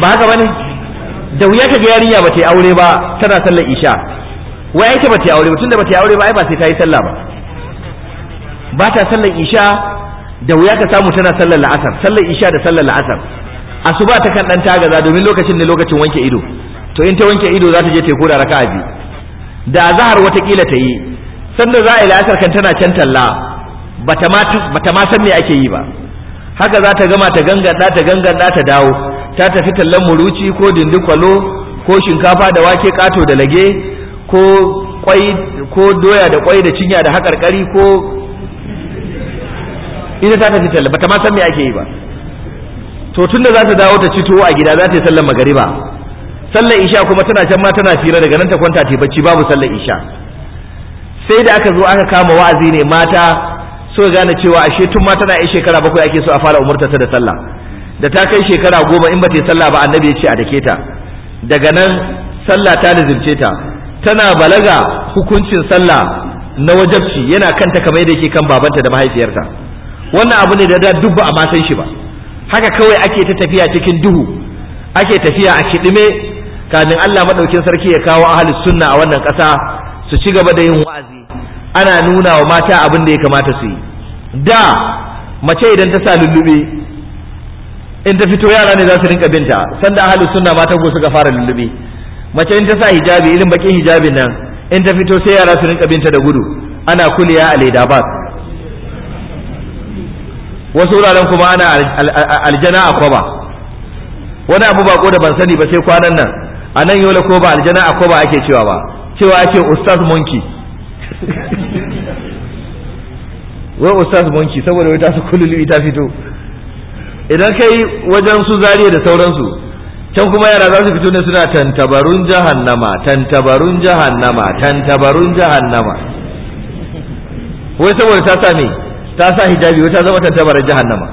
ba haka bane da wuya ka ga yarinya ba ta yi aure ba tana sallar isha wa yake ba ta yi aure ba tunda ba ta yi aure ba ai ba sai ta yi sallah ba ba ta sallar isha da wuya ka samu tana sallar la'asar sallar isha da sallar la'asar asuba ta kan dan gaza domin lokacin ne lokacin wanke ido to in ta wanke ido za ta je teku da raka'a biyu da wata watakila ta yi sanda za a yi la'asar kan tana can talla bata ma san me ake yi ba haka za ta gama ta gangada ta gangada ta dawo ta tafi tallan muruci ko dindikwalo ko shinkafa da wake kato da lage ko kwai ko doya da kwai da cinya da haƙarƙari ko ita ta tafi talla bata ma san me ake yi ba to tunda za ta dawo ta ci tuwo a gida za ta yi sallan magariba sallar isha kuma tana can ma tana fira daga nan ta kwanta ta bacci babu sallar isha sai da aka zo aka kama wa'azi ne mata suka gane cewa ashe tun ma tana yi shekara bakwai ake so a fara umurta ta da sallah da ta kai shekara goma in ba ta yi sallah ba annabi ya ce a dake ta daga nan sallah ta lazimce ta tana balaga hukuncin sallah na wajabci yana kanta kamar yadda yake kan babanta da mahaifiyarta wannan abu ne da da duk ba a ma shi ba haka kawai ake ta tafiya cikin duhu ake tafiya a kiɗime kafin Allah maɗaukin sarki ya kawo ahlus sunna a wannan ƙasa su ci gaba da yin wa'azi ana nuna wa mata abin da ya kamata su yi da mace idan ta sa lullube in ta fito yara ne za su rinka binta sanda ahlus sunna mata ko suka fara lullube mace in ta sa hijabi irin bakin hijabin nan in ta fito sai yara su rinka binta da gudu ana kuliya a leda ba wasu wuraren kuma ana aljana a kwaba wani abu bako da ban sani ba sai kwanan nan a nan yola ko ba aljana a ko ba ake cewa ba cewa ake ustaz monki wai ustaz monki saboda wai ta su kululu ita fito idan kai wajen su zariya da sauransu can kuma yara za su fito ne suna tantabarun jahannama tantabarun jahannama tantabarun jahannama wai saboda ta sa me ta sa hijabi wai ta zama tantabarun jahannama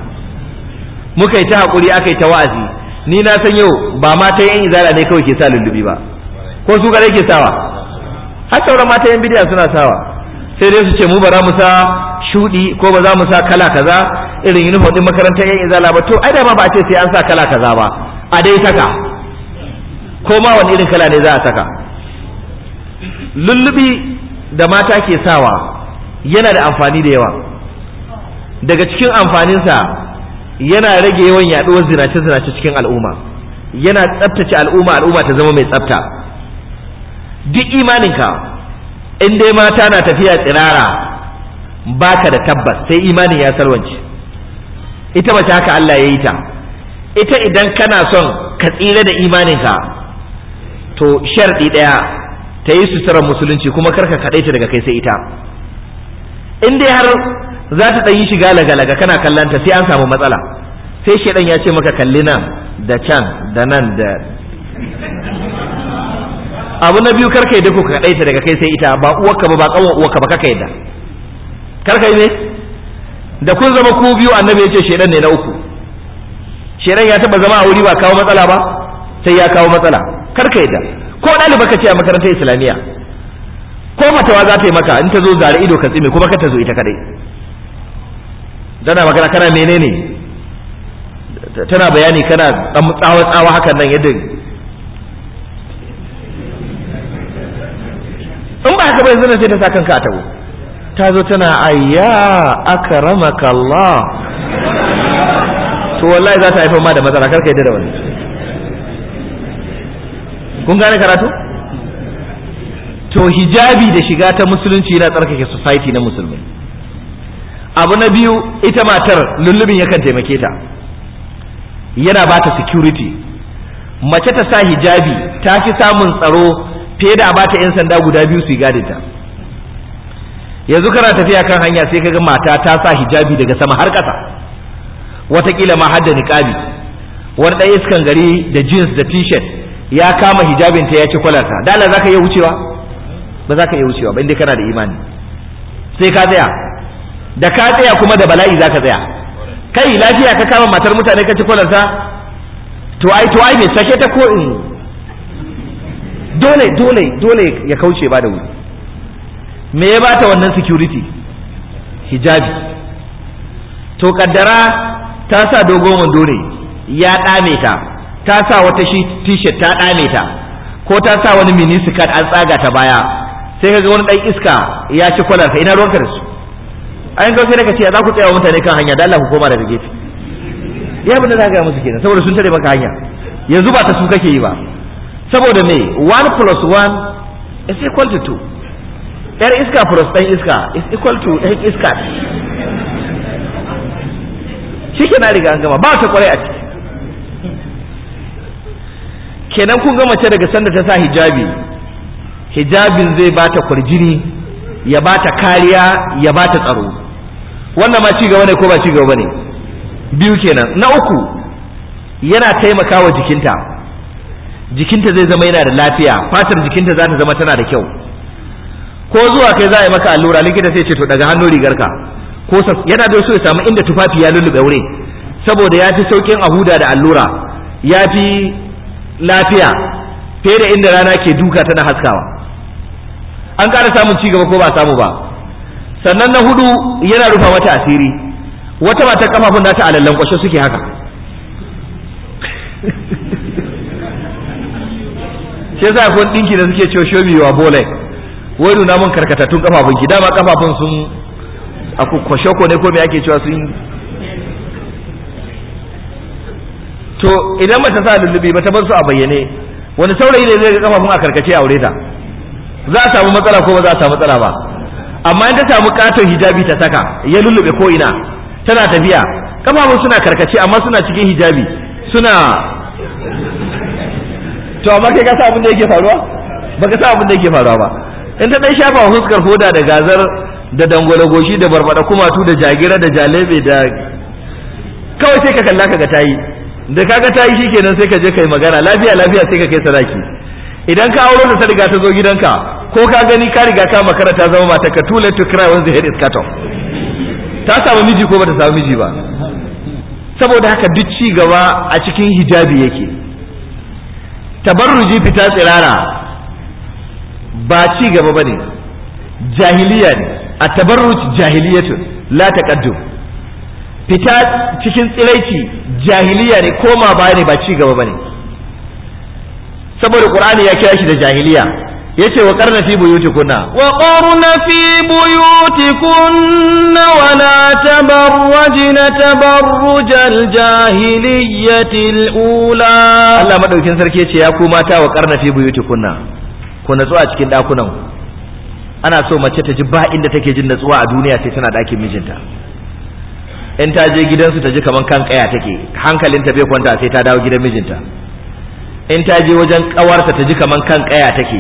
muka yi ta haƙuri aka yi ta wa'azi ni na san yau ba mata yan izala ne kawai ke sa lullubi ba ko su kare ke sawa har sauran mata yan bidiya suna sawa sai dai su ce mu ba za mu sa shudi ko ba za mu sa kala kaza irin uniform din makarantar yan izala ba to ai da ba a ce sai an sa kala kaza ba a dai saka ko ma wani irin kala ne za a saka lullubi da mata ke sawa yana da amfani da yawa daga cikin amfaninsa yana rage yawan yaduwar zinace-zinace cikin al'umma yana tsaftace al'umma al'umma ta zama mai tsafta duk imaninka in dai mata na tafiya tsirara baka da tabbas sai imanin ya salwance ita mace haka Allah ya yi ta ita idan kana son ka tsira da imaninka to sharɗi ɗaya ta yi suturar musulunci kuma karka kaɗai ta daga kai sai ita in dai har za ta ɗan yi shiga laga-laga kana ta sai an samu matsala sai shaidan ya ce maka kalli nan da can da nan da abu na biyu karka yi duka ka ta daga kai sai ita ba uwarka ba ba ƙawon uwarka ba kaka yadda karka yi ne da kun zama ku biyu annabi ya ce shaidan ne na uku shaidan ya taɓa zama a wuri ba kawo matsala ba sai ya kawo matsala karka yadda ko ɗaliba ka ce a makarantar islamiyya ko matawa za ta yi maka in ta zo zare ido ka tsime kuma ka ta zo ita kaɗai. tana magana kana menene tana bayani kana dan tsawa tsawa hakan nan yadda in ba haka bai zana sai ta sa kanka a tabo ta zo tana ayya akramaka Allah to wallahi za ta haifar ma da matsala karka yadda da wani kun gane karatu to hijabi da shiga ta musulunci yana tsarkake society na musulmai abu na biyu ita matar lullubin yakan taimake ta yana ba ta security mace ta sa hijabi ta fi samun tsaro fiye da ba ta 'yan sanda guda biyu su gadi ta yanzu kana tafiya kan hanya sai kaga mata ta sa hijabi daga sama har ƙasa watakila ma har da niƙabi wani dan iskan gari da jeans da t-shirt ya kama hijabinta ya ci kwalarta dala za ka iya wucewa ba zaka ka iya wucewa ba inda kana da imani sai ka tsaya da ka tsaya kuma da bala'i za ka tsaya kai lafiya ka kama matar mutane ka ci kwalarta to ai to ai me sake ta ko in dole dole dole ya kauce ba da wuri me ya bata wannan security hijabi to kaddara ta sa dogon wando ne ya dame ta ta sa wata shi t-shirt ta dame ta ko ta sa wani mini skirt an tsaga ta baya sai kaga wani dan iska ya ci kwalarta ina ruwan da su an ga daga ce za ku tsaya wa mutane kan hanya da Allah ku koma daga gefe ya abin za ka gaya musu kenan saboda sun tare maka hanya yanzu ba ta su kake yi ba saboda me 1 plus 1 is equal to 2 yar iska plus ɗan iska is equal to ɗan iska shi ke na riga an gama ba ta kware a ciki kenan kun gama ce daga sanda ta sa hijabi hijabin zai ba ta kwarjini ya ba ta kariya ya ba ta tsaro wannan ma ci gaba ne ko ba ci gaba ne biyu kenan na uku yana taimakawa jikinta jikinta zai zama yana da lafiya fatar jikinta za ta zama tana da kyau ko zuwa kai za a yi maka allura likita sai ce to daga hannu rigarka ko yana da so ya samu inda tufafi ya lulluɓe wuri saboda ya fi saukin a huda da allura ya fi lafiya fiye da inda rana ke duka tana haskawa an ƙara samun ci gaba ko ba samu ba sannan na hudu yana rufa mata asiri wata mata kafafun nata a lallankwashe suke haka shi yasa kun dinki da suke cewa shobi wa bolai wai nuna mun karkatattun kafafun ki dama kafafun sun a ko ne ko me ake cewa sun to idan mata sa lullubi ba ta bar su a bayyane wani saurayi ne zai ga kafafun a karkace aure ta za a samu matsala ko ba za a samu matsala ba amma in ta samu katon hijabi ta saka ya lullube ko ina tana tafiya kafafun suna karkace amma suna cikin hijabi suna to amma kai ka sa abin da yake faruwa baka sa abin da yake faruwa ba in ta dai shafa huskar hoda da gazar da dangwala goshi da barbada kumatu da jagira da jalebe da kawai sai ka kalla ka ga tayi da kaga tayi shikenan sai ka je kai magana lafiya lafiya sai ka kai sadaki idan ka auro da ta riga ta zo gidanka ko ka gani ka riga ka makara ta zama mata ka too late to cry when the head is cut off ta samu miji ko ba ta samu miji ba saboda haka duk ci gaba a cikin hijabi yake tabarruji fita tsirara ba ci gaba bane jahiliya ne a tabarruj jahiliyatu la taqaddum fita cikin tsiraici jahiliya ne koma baya ne ba ci gaba bane saboda qur'ani ya kira shi da jahiliya yace wa qarna fi buyutikunna wa qarna fi buyutikunna wa la tabarrajna tabarrujal jahiliyyatil ula Allah madaukin sarki yace ya ku mata wa qarna fi buyutikunna ku natsu a cikin dakunan ana so mace ta ji ba inda take jin natsuwa a duniya sai tana dakin mijinta in ta je gidansu ta ji kaman kan kaya take hankalinta bai kwanta sai ta dawo gidan mijinta in ta je wajen kawarta ta ji kaman kan kaya take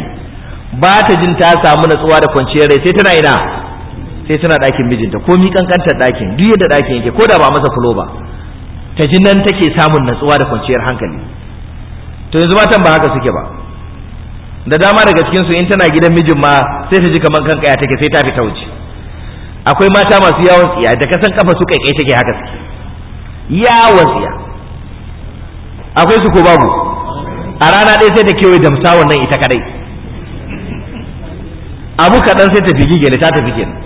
ba ta jin ta samu natsuwa da kwanciyar rai sai tana ina sai tana ɗakin mijinta ko mi kankantar ɗakin duk yadda ɗakin yake ko da ba masa fulo ba ta ji nan take samun natsuwa da kwanciyar hankali to yanzu matan ba haka suke ba da dama daga cikin su in tana gidan mijin ma sai ta ji kaman kan kaya take sai ta fita wuce akwai mata masu yawon tsiya da kasan kafa su kaikai take haka suke yawon tsiya akwai su ko babu a rana ɗaya sai ta kewaye damsa wannan ita kadai abu kaɗan sai ta fi gele ta tafi kenan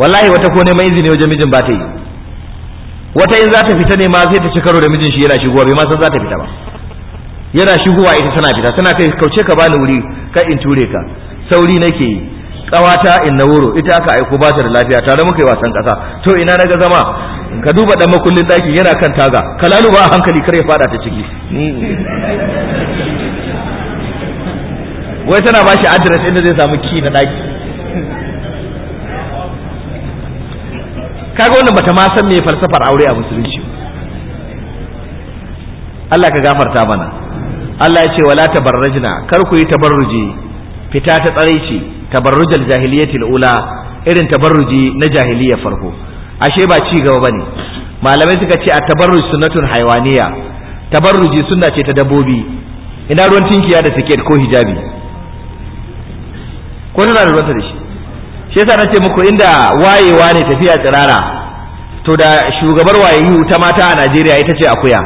wallahi wata ko neman izini wajen mijin ba ta yi wata in za ta fita ne ma sai ta ci karo da mijin shi yana shigowa bai ma san za ta fita ba yana shigowa ita tana fita tana kai kauce ka bani wuri ka in ture ka sauri nake yi kawata in na wuro ita aka aiko ba ta da lafiya tare muka yi wasan kasa to ina na ga zama ka duba dan makullin daki yana kan taga ka laluba a hankali kar fada ta ciki wai tana ba shi address inda zai samu ki na daki kaga wannan bata ma san me falsafar aure a musulunci Allah ka gafarta mana Allah ya ce wala tabarrajna kar ku yi tabarruji fita ta tsare ce tabarrujal jahiliyyati ula irin tabarruji na jahiliya farko ashe ba ci gaba bane malamai suka ce a tabarruj sunnatun haywaniya tabarruji sunna ce ta dabbobi ina ruwan tinkiya da siket ko hijabi ko tana da ruwanta da shi shi yasa nace muku inda wayewa ne tafiya tsirara to da shugabar wayeyu ta mata a Najeriya ita ce akuya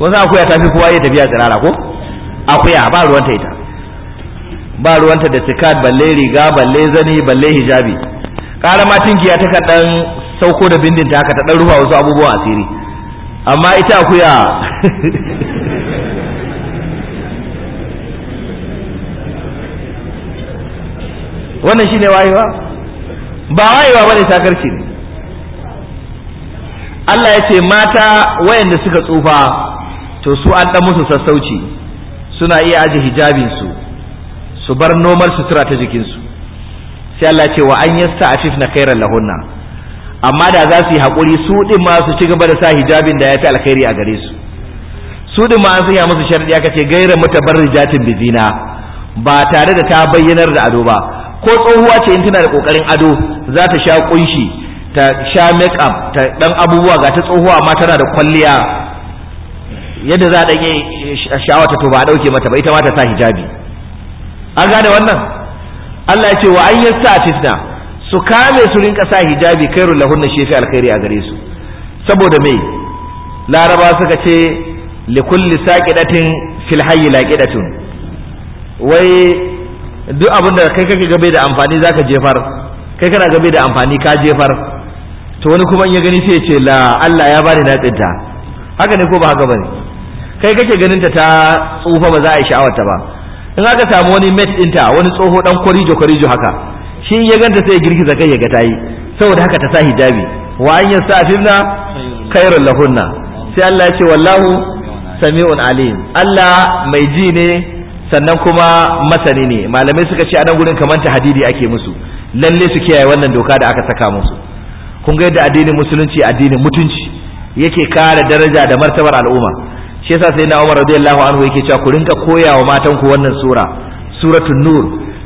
wasu akuya ta fi kowa ya tafiya tsirara ko akuya ba ruwanta ita ba ruwanta da sikat balle riga balle zani balle hijabi ƙara ma tinkiya ta kaɗan sauko da bindin ta ta ɗan rufa wasu abubuwa asiri amma ita akuya wannan shine wayewa ba wayewa bane sakarci ne Allah ya ce mata wayanda suka tsufa to su an dan musu sassauci suna iya aje hijabinsu su bar nomar sutura ta jikinsu sai Allah ce wa an yasta'fif na khairan lahunna amma da za su yi hakuri su din ma su ci gaba da sa hijabin da ya fi alkhairi a gare su su din ma an sanya musu sharadi aka ce gaira rijatin bizina ba tare da ta bayyanar da ado ba ko tsohuwa ce in tana da kokarin ado za ta sha ƙunshi, ta sha make up ta dan abubuwa ga ta tsohuwa ma tana da kwalliya yadda za a ɗanye sha'awa to ba a dauke mata ba ita ma ta sa hijabi an gane wannan Allah ya ce wa an yasta'fifna su kame su rinka sa hijabi khairul lahun na shefi alkhairi a gare su saboda me laraba suka ce li kulli saqidatin fil hayyi laqidatun wai duk abin da kai kake gabe da amfani zaka jefar kai kana gabe da amfani ka jefar to wani kuma in ya gani sai ya ce la Allah ya bani na haka ne ko ba haka bane kai kake ganin ta ta tsufa ba za a yi sha'awar ta ba in aka samu wani mate dinta wani tsoho dan kwarijo kwarijo haka shi ya ganta sai ya girgiza kai ya ga tayi saboda haka ta sa hijabi wa an na? khairul lahunna sai Allah ya ce wallahu sami'un alim Allah mai ji ne sannan kuma masani ne malamai suka ce a nan gurin kamar ta hadidi ake musu lalle su kiyaye wannan doka da aka saka musu kun ga yadda addinin musulunci addinin mutunci yake kare daraja da martabar al'umma shi yasa sai na Umar radiyallahu anhu yake cewa ku rinka koya wa matan ku wannan sura suratul nur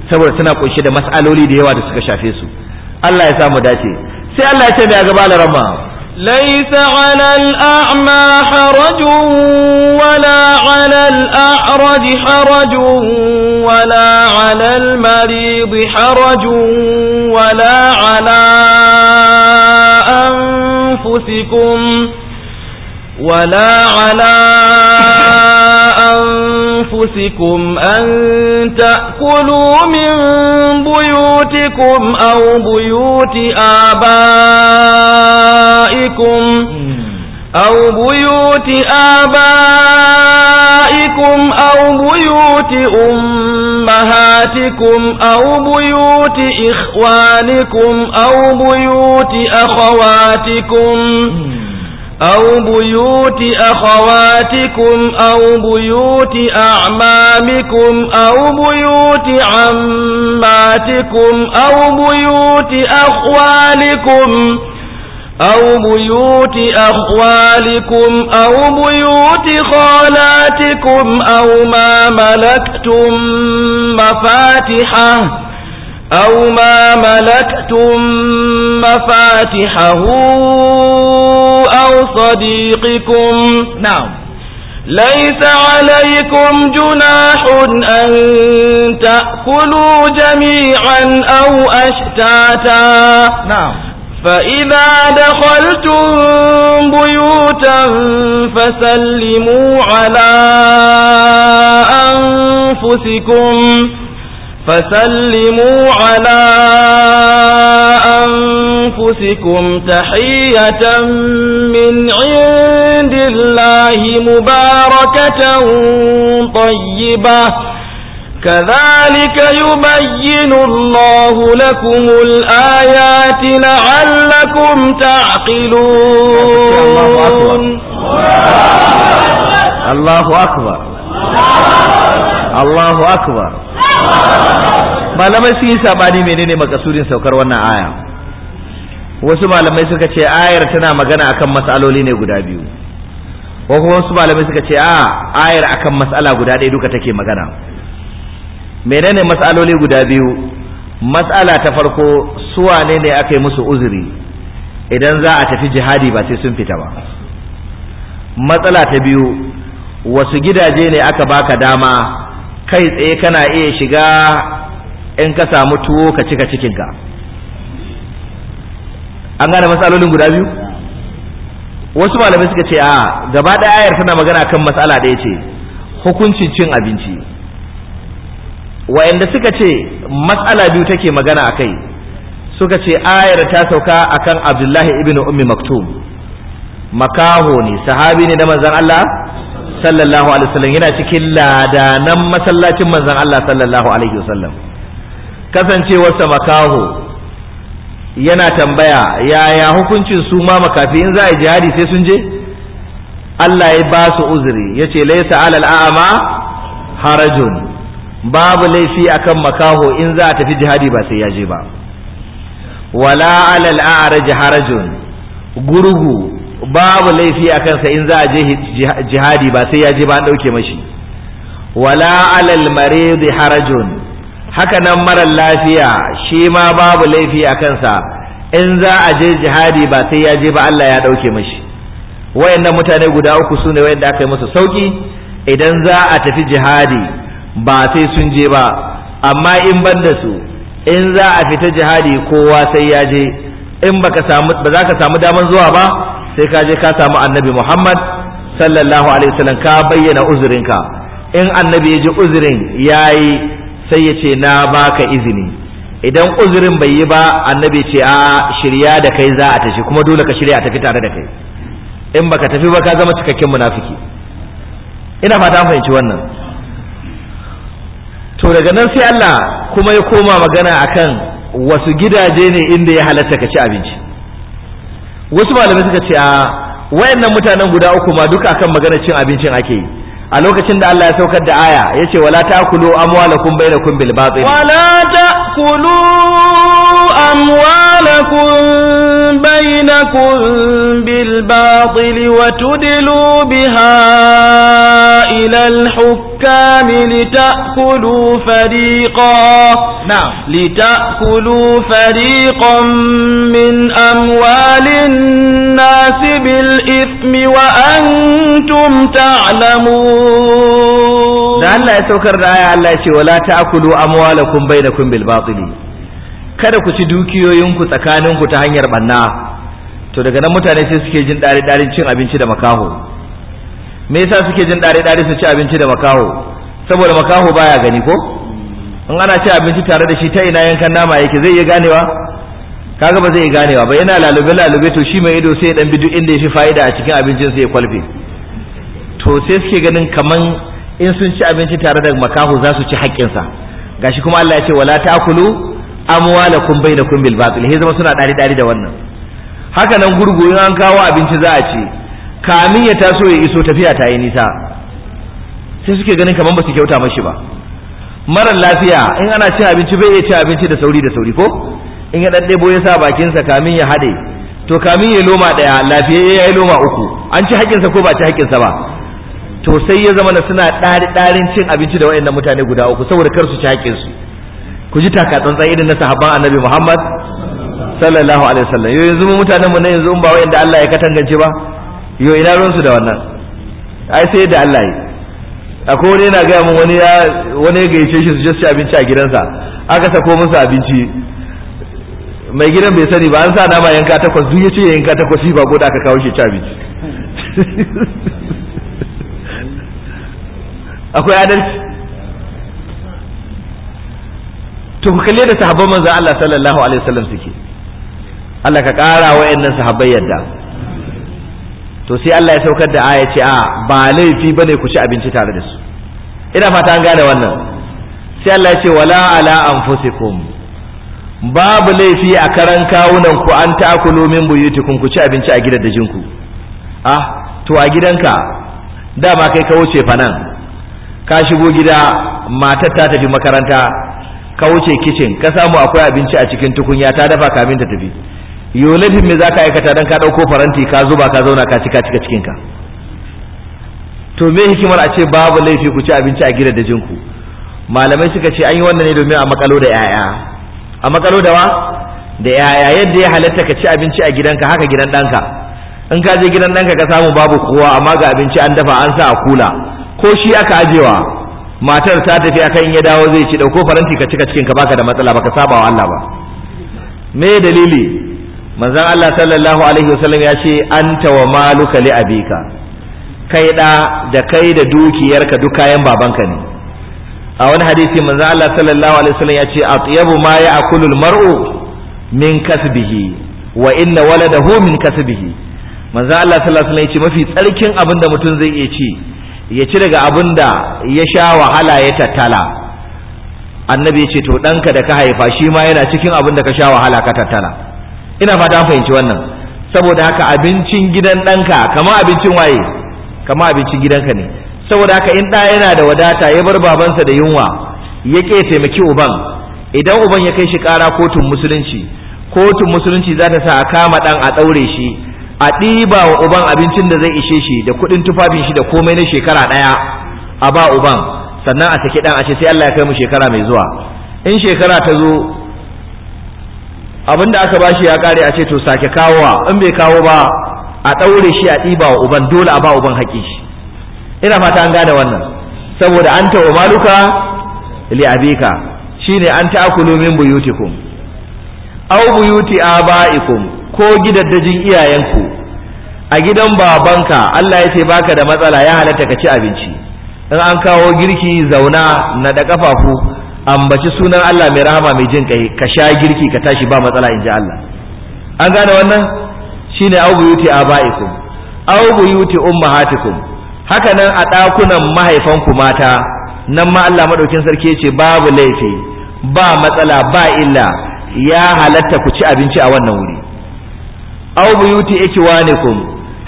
saboda tana kunshe da mas'aloli da yawa da suka shafe su Allah ya sa mu dace sai Allah ya ce mai gaba da ramma ليس على الأعمى حرج ولا على الأعرج حرج ولا على المريض حرج ولا على أنفسكم ولا على أنفسكم أن تأكلوا من بيوتكم أو بيوت آبائكم أو بيوت آبائكم أو بيوت أمهاتكم أو بيوت إخوانكم أو بيوت أخواتكم أو بيوت أخواتكم أو بيوت أعمامكم أو بيوت عماتكم أو بيوت أخوالكم أو بيوت أخوالكم أو بيوت خالاتكم أو ما ملكتم مفاتحه أو ما ملكتم مفاتحه أو صديقكم نعم ليس عليكم جناح أن تأكلوا جميعا أو أشتاتا نعم فإذا دخلتم بيوتا فسلموا على أنفسكم فسلموا على أنفسكم تحية من عند الله مباركة طيبة كذلك يبين الله لكم الآيات لعلكم تعقلون الله أكبر الله أكبر, الله أكبر malamai sun yi sabani menene makasudin saukar wannan aya wasu malamai suka ce ayar tana magana akan matsaloli ne guda biyu ko wasu malamai suka ce a ayar akan matsala guda ɗaya duka take magana menene matsaloli guda biyu matsala ta farko su ne ne aka yi musu uzuri idan za a tafi jihadi ba sai sun fita ba matsala ta biyu wasu gidaje ne aka baka dama kai tsaye kana iya shiga in ka samu tuwo ka cika cikinka an gane matsalolin guda biyu wasu malamai suka ce a gaba ɗaya ayar tana magana kan matsala ɗaya ce hukuncin cin abinci wayanda suka ce matsala biyu take magana a kai suka ce ayar ta sauka a kan abdullahi ibn ummi maktum makaho ne sahabi ne da manzan Allah sallallahu alaihi wasallam yana cikin ladanan masallacin manzon Allah sallallahu alaihi wasallam kasancewarsa makaho yana tambaya yaya hukuncin su ma makafi in za a yi jihadi sai sun je Allah ya ba su uzuri ya ce laisa alal ama harajun babu laifi akan makaho in za a tafi jihadi ba sai ya je ba wala alal a'raj harajun gurgu babu laifi a kansa in za a je jihadi ba sai ya je ba an ɗauke mashi wala alal maridi harajun haka nan marar lafiya shi ma babu laifi a kansa in za a je jihadi ba sai ya je ba Allah ya ɗauke mashi wayannan mutane guda uku sune wayanda aka yi musu sauki idan za a tafi jihadi ba sai sun je ba amma in ban su in za a fita jihadi kowa sai ya je in baka samu ba za ka samu daman zuwa ba sai ka je ka samu annabi Muhammad sallallahu alaihi wasallam ka bayyana uzurinka in annabi ya ji uzurin yayi sai ya ce na baka izini idan uzurin bai yi ba annabi ce a shirya da kai za a tafi kuma dole ka shirya a tafi tare da kai in baka tafi ba ka zama cikakken munafiki ina fata an fahimci wannan to daga nan sai Allah kuma ya koma magana akan wasu gidaje ne inda ya halatta ka ci abinci wasu malamai suka ce a wayannan mutanen guda uku ma duka akan maganar cin abincin ake yi a lokacin da Allah ya saukar da aya yace wala taakulu amwalakum bainakum bil batil wala taakulu amwalakum bainakum bil batil wa tudlu biha ila al الكامل لتأكلوا فريقا نعم لتأكلوا فريقا من أموال الناس بالإثم وأنتم تعلمون ده الله يسوكر رأي الله يشي ولا تأكلوا أموالكم بينكم بالباطل kada ku ci dukiyoyinku tsakaninku ta hanyar banna to daga nan mutane sai suke jin dare ɗarin cin abinci da makaho me yasa suke jin dare dare su ci abinci da makaho saboda makaho baya gani ko in ana ci abinci tare da shi ta ina yankan nama yake zai iya ganewa kaga ba zai iya ganewa ba yana lalube lalube to shi mai ido sai ya dan bi duk inda ya fi fa'ida a cikin abincin sai ya kwalfe to sai suke ganin kaman in sun ci abinci tare da makaho za su ci sa gashi kuma Allah ya ce wala ta'kulu amwalakum bainakum bil batil he zama suna dare dare da wannan haka nan gurgu in an kawo abinci za a ci kamin ta so ya iso tafiya ta yi nisa sai suke ganin kamar ba su kyauta mashi ba marar lafiya in ana cin abinci bai iya cin abinci da sauri da sauri ko in ya dan ɗebo ya sa bakinsa kamin ya haɗe to kamin ya loma ɗaya lafiya ya yi loma uku an ci haƙinsa ko ba ci haƙinsa ba to sai ya zama na suna ɗari ɗarin cin abinci da waɗannan mutane guda uku saboda kar su ci haƙinsu ku ji taka tsantsan irin na sahabban annabi muhammad sallallahu alaihi wasallam yanzu mu mutanen mu ne yanzu in ba inda Allah ya katangance ba yo ina su da wannan ai sai da Allah yi akwai wani yana gaya min wani ya wani yace shi su je su abinci a gidansa aka sako musu abinci mai gidan bai sani ba an sa nama yanka takwas duk yace ya yanka takwas shi ba goda aka kawo shi ci abinci akwai adalci to ku kalle da sahabban manzon Allah sallallahu alaihi wasallam suke Allah ka kara wa'annan sahabbai yadda to sai Allah ya saukar da aya ce a ba laifi bane ku ci abinci tare da su ina fata an gane wannan sai Allah ya ce wala ala anfusikum babu laifi a karan kawunan ku an ta'kulu min buyutikum ku ci abinci a gidajen jinku? ah to a gidanka dama kai ka wuce fa nan ka shigo gida matar ta tafi makaranta ka wuce kicin ka samu akwai abinci a cikin tukunya ta dafa kamin ta tafi Yolafin me me zaka aikata dan ka dauko faranti ka zuba ka zauna ka cika cika cikin ka to me hikimar a ce babu laifi ku ci abinci a gidan dajin ku malamai suka ce an yi wannan ne domin a makalo da yaya a makalo da wa da yaya yadda ya halatta ka ci abinci a gidanka haka gidan danka in ka je gidan danka ka samu babu kowa amma ga abinci an dafa an sa a kula ko shi aka ajewa matar ta tafi akan ya dawo zai ci dauko faranti ka cika cikin ka baka da matsala baka saba wa Allah ba me dalili manzon Allah sallallahu alaihi wasallam ya ce anta wa maluka li abika kai da da kai da dukiyarka duk kayan babanka ne a wani hadisi manzon Allah sallallahu alaihi wasallam ya ce atyabu ma ya'kulu almar'u min kasbihi wa inna waladahu min kasbihi manzon Allah sallallahu alaihi wasallam ya ce mafi tsarkin abin da mutum zai iya ci ya ci daga abin da ya sha wahala ya tattala annabi ya ce to ɗanka da ka haifa shi ma yana cikin abin da ka sha wahala ka tattala ina fata an fahimci wannan saboda haka abincin gidan ɗanka kama abincin waye kama abincin gidanka ne saboda haka in ɗa yana da wadata ya bar babansa da yunwa ya ke taimaki uban idan uban ya kai shi ƙara kotun musulunci kotun musulunci za ta sa a kama ɗan a ɗaure shi a ɗiba wa uban abincin da zai ishe shi da kuɗin tufafin shi da komai na shekara ɗaya a ba uban sannan a saki ɗan a ce sai Allah ya kai mu shekara mai zuwa in shekara ta zo da aka bashi ya kare a ce to sake kawowa in bai kawo ba a ɗaure shi a ɗiba wa uban dole a ba uban haƙi shi ina fata an gane wannan saboda an tawo maluka li abika shine an ta'kulu min buyutikum aw buyuti abaikum ko gidaddajin iyayenku a gidan babanka Allah ya ce baka da matsala ya halatta ka ci abinci in an kawo girki zauna na da kafafu ambaci sunan Allah mai rahama mai jin kai ka sha girki ka tashi ba matsala in ji Allah an gane wannan shine au yuti abaikum au yuti ummahatikum haka nan a ɗakunan mahaifanku mata nan ma Allah madaukin sarki ce babu laifi ba matsala ba illa ya halatta ku ci abinci a wannan wuri au buyuti ikwanikum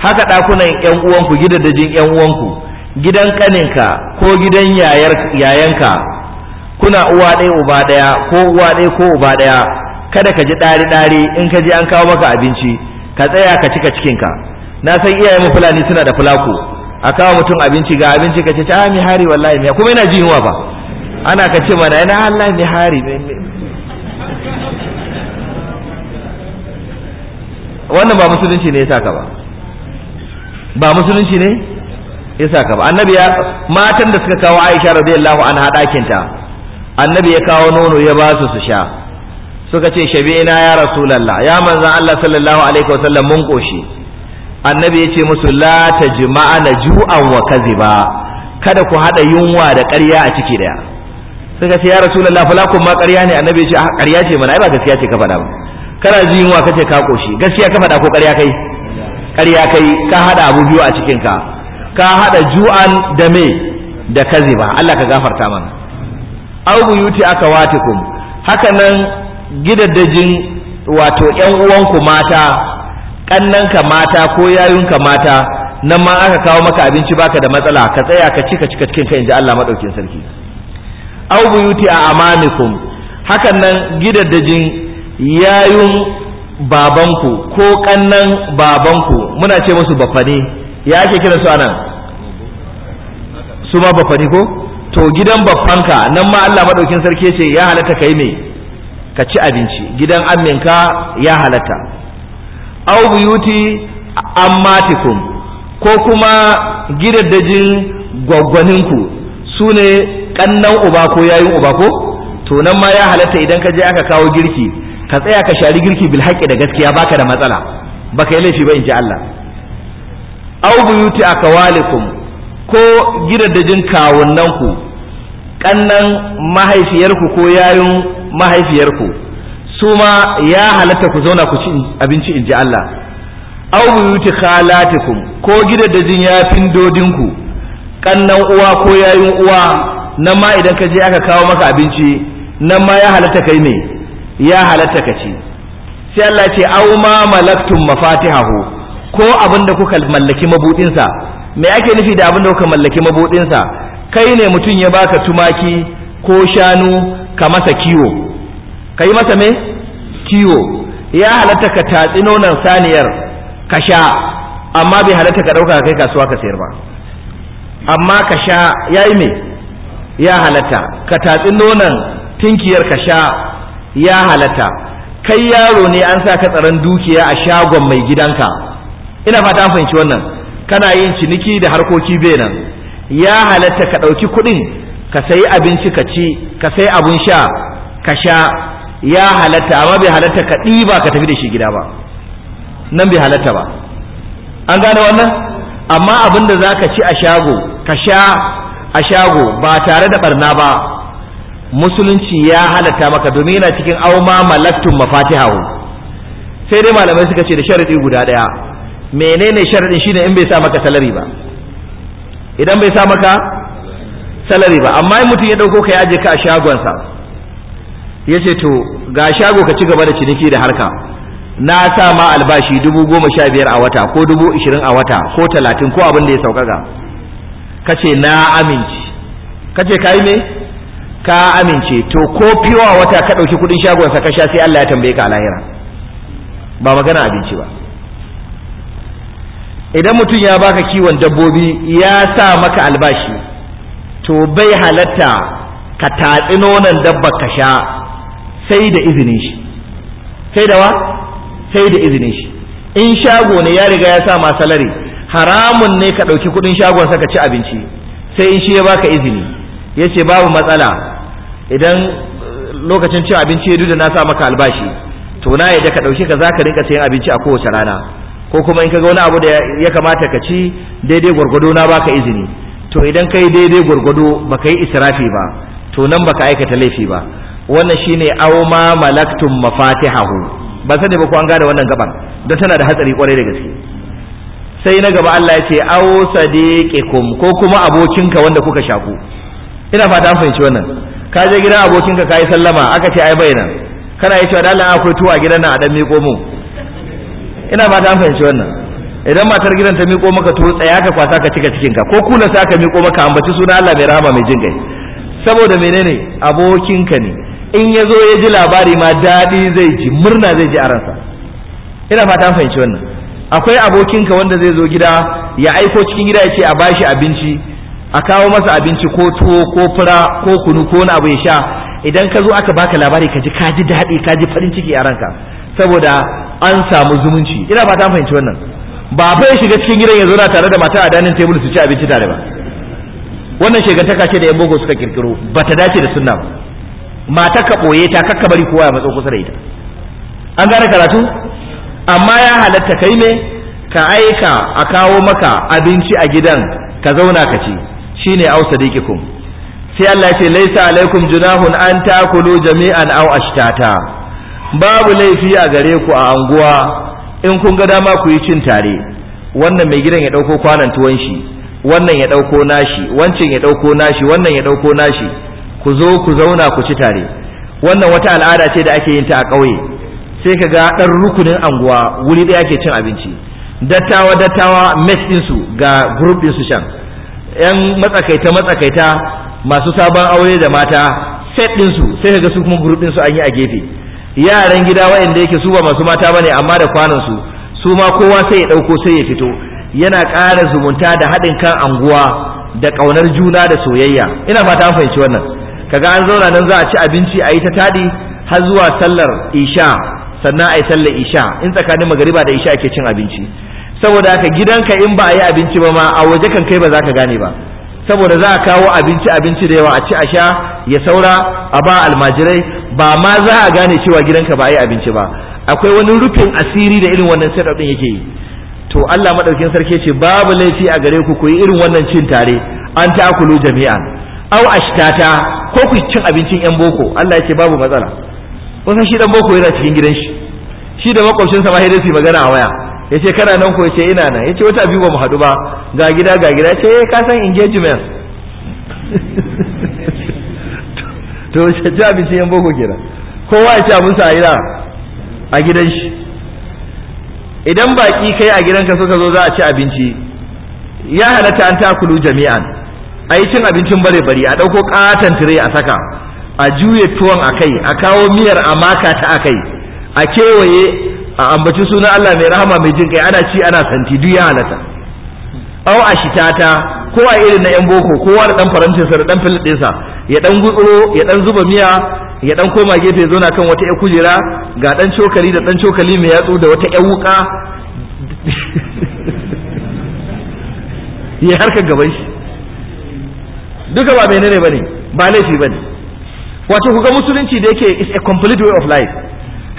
haka ɗakunan 'yan uwanku gidajen 'yan uwanku gidan kaninka ko gidan yayanka kuna uwa ɗaya uba ɗaya ko uwa ɗaya ko uba ɗaya kada ka ji ɗari ɗari in ka ji an kawo maka abinci ka tsaya ka cika cikinka na san mu fulani suna da fulaku a kawo mutum abinci ga abinci ka ce ta ah, mi hari wallahi mi kuma yana jin yunwa ba ana ka ce mana yana Allah mi hari wannan ba musulunci ne ya saka ba ba musulunci ne ya saka ba annabi ya matan da suka kawo Aisha radiyallahu anha ɗakin ta annabi ya kawo nono ya ba su su sha suka ce shabi'ina ya rasulallah ya manzo Allah sallallahu alaihi wasallam mun koshi annabi ya ce musu la tajma'ana ju'an wa kaziba kada ku hada yunwa da ƙarya a ciki daya suka ce ya rasulallah fulakun ma ƙarya ne annabi ya ce ah, ƙarya ce mana ai ba gaskiya ce ka faɗa ba kana ji yunwa kace ka koshi gaskiya ka faɗa ko ƙarya kai ƙarya kai ka hada abu biyu a cikin ka ka hada ju'an da me da kaziba Allah ka gafarta mana au buyuti akawatikum haka nan gidaddajin wato yan uwanku mata ka mata ko yayunka mata nan ma aka kawo maka abinci baka da matsala ka tsaya ka cika cika cikin ka inji Allah madaukin sarki aw buyuti a amanikum hakan nan gidaddajin yayun babanku ko kannan babanku muna ce musu bafani. ya ake kira su anan su ma bafani ko to gidan babbanka nan ma Allah madaukin sarki ce ya halatta kai mai ka ci abinci gidan amminka ya halatta au buyuti ammatikum ko kuma gidaddajin gwaggwaninku su ne kannan uba ko yayin uba ko to nan ma ya halatta idan ka je aka kawo girki ka tsaya ka shari girki bil haƙƙi da gaskiya baka da matsala baka yi laifi ba in ji Allah au buyuti akawalikum ko gidaddajin kawunanku ƙannan mahaifiyarku ko yayun mahaifiyarku su ma ya halatta ku zauna ku ci abinci in ji Allah aw buyuti khalatikum ko gidaddajin yafin dodinku kannan uwa ko yayin uwa nan ma idan ka je aka kawo maka abinci nan ma ya halatta kai ne ya halatta ka ci sai Allah ce aw ma malaktum mafatihahu ko abin da kuka mallaki mabudinsa me ake nufi da abin da kuka mallaki mabudinsa kai ne mutum ya baka tumaki ko shanu ka masa kiwo ka yi masa me kiwo ya halatta ka tatsi nonon saniyar ka sha amma bai halatta ka ɗauka kai kasuwa ka sayar ba amma ka sha ya yi me ya halatta ka tatsi nonon tinkiyar ka sha ya halatta kai yaro ne an sa ka tsaron dukiya a shagon mai gidanka ina fata fahimci wannan kana yin ciniki da harkoki bai nan ya halatta ka ɗauki kuɗin ka sayi abinci ka ci ka sayi abun sha ka sha ya halatta amma bai halatta ka ɗiba ka tafi da shi gida ba nan bai halatta ba an gane wannan amma abin da za ka ci a shago ka sha a shago ba tare da barna ba musulunci ya halatta maka domin yana cikin auma malattum mafatihahu sai dai malamai suka ce da sharadi guda ɗaya menene sharadin shine in bai sa maka salari ba idan bai sa maka salari ba amma in mutum ya dauko ka yaje ka a shagonsa ya ce to ga shago ka ci gaba da ciniki da harka na sa ma albashi dubu goma sha biyar a wata ko dubu ishirin a wata ko talatin ko abin da ya sauƙaƙa ka ce na amince ka ce ka me ka amince to ko fiwa wata ka ɗauki kuɗin shagonsa ka sha sai Allah ya tambaye ka a lahira ba magana abinci ba idan mutum ya baka kiwon dabbobi ya sa maka albashi to bai halatta ka tatsi nonon dabba ka sha sai da izinin shi sai da wa sai da izinin shi in shago ne ya riga ya sa masu haramun ne ka ɗauki kuɗin shagon saka ci abinci sai in shi ya baka izini ya ce babu matsala idan eh, lokacin cin abinci ya da na sa maka albashi to na yadda ka ɗauki ka za ka rinka sayan abinci a kowace rana ko kuma in kaga wani abu da ya kamata ka ci daidai gwargwado na baka izini to idan kai daidai gwargwado baka yi israfi ba to nan baka aikata laifi ba wannan shine aw ma malaktum mafatihahu ba sani ba ko an gane wannan gaban don tana da hatsari kwarai da gaske sai na gaba Allah ya ce aw sadiqikum ko kuma abokinka wanda kuka shaku ina fata an fahimci wannan ka je gidan abokinka kai sallama aka ce ai bai nan kana yi cewa da Allah akwai tuwa gidan nan a dan miƙo mu ina ba ta fahimci wannan idan matar gidan ta miko maka tuwo tsaya ka kwasa ka cika cikin ka ko kula sa ka miko maka ambaci suna Allah mai rahama mai jin kai saboda menene abokin ka ne in ya zo ya ji labari ma daɗi zai ji murna zai ji a ina fata an fahimci wannan akwai abokinka wanda zai zo gida ya aiko cikin gida ya ce a bashi abinci a kawo masa abinci ko tuwo ko fura ko kunu ko wani abu ya sha idan ka zo aka baka labari ka ji ka ji daɗi ka ji farin ciki a ranka saboda an samu zumunci ina ba ta fahimci wannan ba fa ya shiga cikin gidan ya zauna tare da mata a danin tebul su ci abinci tare ba wannan shegantaka ce da yan boko suka kirkiro ta dace da sunna ba mata ka boye ta kakka bari kowa ya matso kusa da ita an gane karatu amma ya halatta kai me ka aika a kawo maka abinci a gidan ka zauna ka ci shine au sadiqikum sai Allah ya ce laisa alaikum junahun an takulu jami'an aw ashtata babu laifi a gare ku a anguwa in kun ga dama ku yi cin tare wannan mai gidan ya ɗauko kwanan tuwon shi wannan ya ɗauko nashi wancan ya ɗauko nashi wannan ya ɗauko nashi ku zo ku zauna ku ci tare wannan wata al'ada ce da ake yin ta a ƙauye sai ka ga ɗan rukunin anguwa wuri ɗaya ke cin abinci dattawa dattawa mess ɗinsu ga group ɗinsu shan yan matsakaita matsakaita masu sabon aure da mata set ɗinsu sai ka ga su kuma group ɗinsu an yi a gefe yaran gida waɗanda yake su ba masu mata bane amma da kwanan su su ma kowa sai ya ɗauko sai ya fito yana ƙara zumunta da haɗin kan anguwa da ƙaunar juna da soyayya ina fata an fahimci wannan kaga an zauna nan za a ci abinci a yi ta tadi har zuwa sallar isha sannan a yi sallar isha in tsakanin magariba da isha ake cin abinci saboda ka gidanka in ba a yi abinci ba ma a waje kan kai ba za ka gane ba saboda za a kawo abinci abinci da yawa a ci a sha ya saura a ba almajirai ba ma za a gane cewa gidanka ba a yi abinci ba akwai wani rufin asiri da irin wannan setup din yake yi to Allah madaukin sarki ce babu laifi a gare ku ku yi irin wannan cin tare an ta'kulu jami'a aw ashtata ko ku cin abincin yan boko Allah ya ce babu matsala kun san shi dan boko yana cikin gidan shi shi da makwabcinsa ma sai su magana a waya yace kana nan ko ce ina nan yace wata biyu ba mu hadu ba ga gida ga gida yace eh ka san engagement to ce ce yan boko gida kowa ya ce mun a gida a gidan shi idan baki kai a gidan ka so ka zo za a ci abinci ya halatta an takulu jami'an a yi cin abincin bare bari a ɗauko ƙaton tire a saka a juye tuwon a kai a kawo miyar a ta a kai a kewaye a ambaci sunan Allah mai rahama mai jin kai ana ci ana santi duk ya halata aw a shitata ko a irin na yan boko kowa da dan faranti sa da dan filin sa ya dan gutsuro ya dan zuba miya ya dan koma gefe zauna kan wata ya kujera ga dan cokali da dan cokali mai yatsu da wata yan wuka ya harka gaban shi duka ba menene bane ba laifi bane wato kuga musulunci da yake is a complete way of life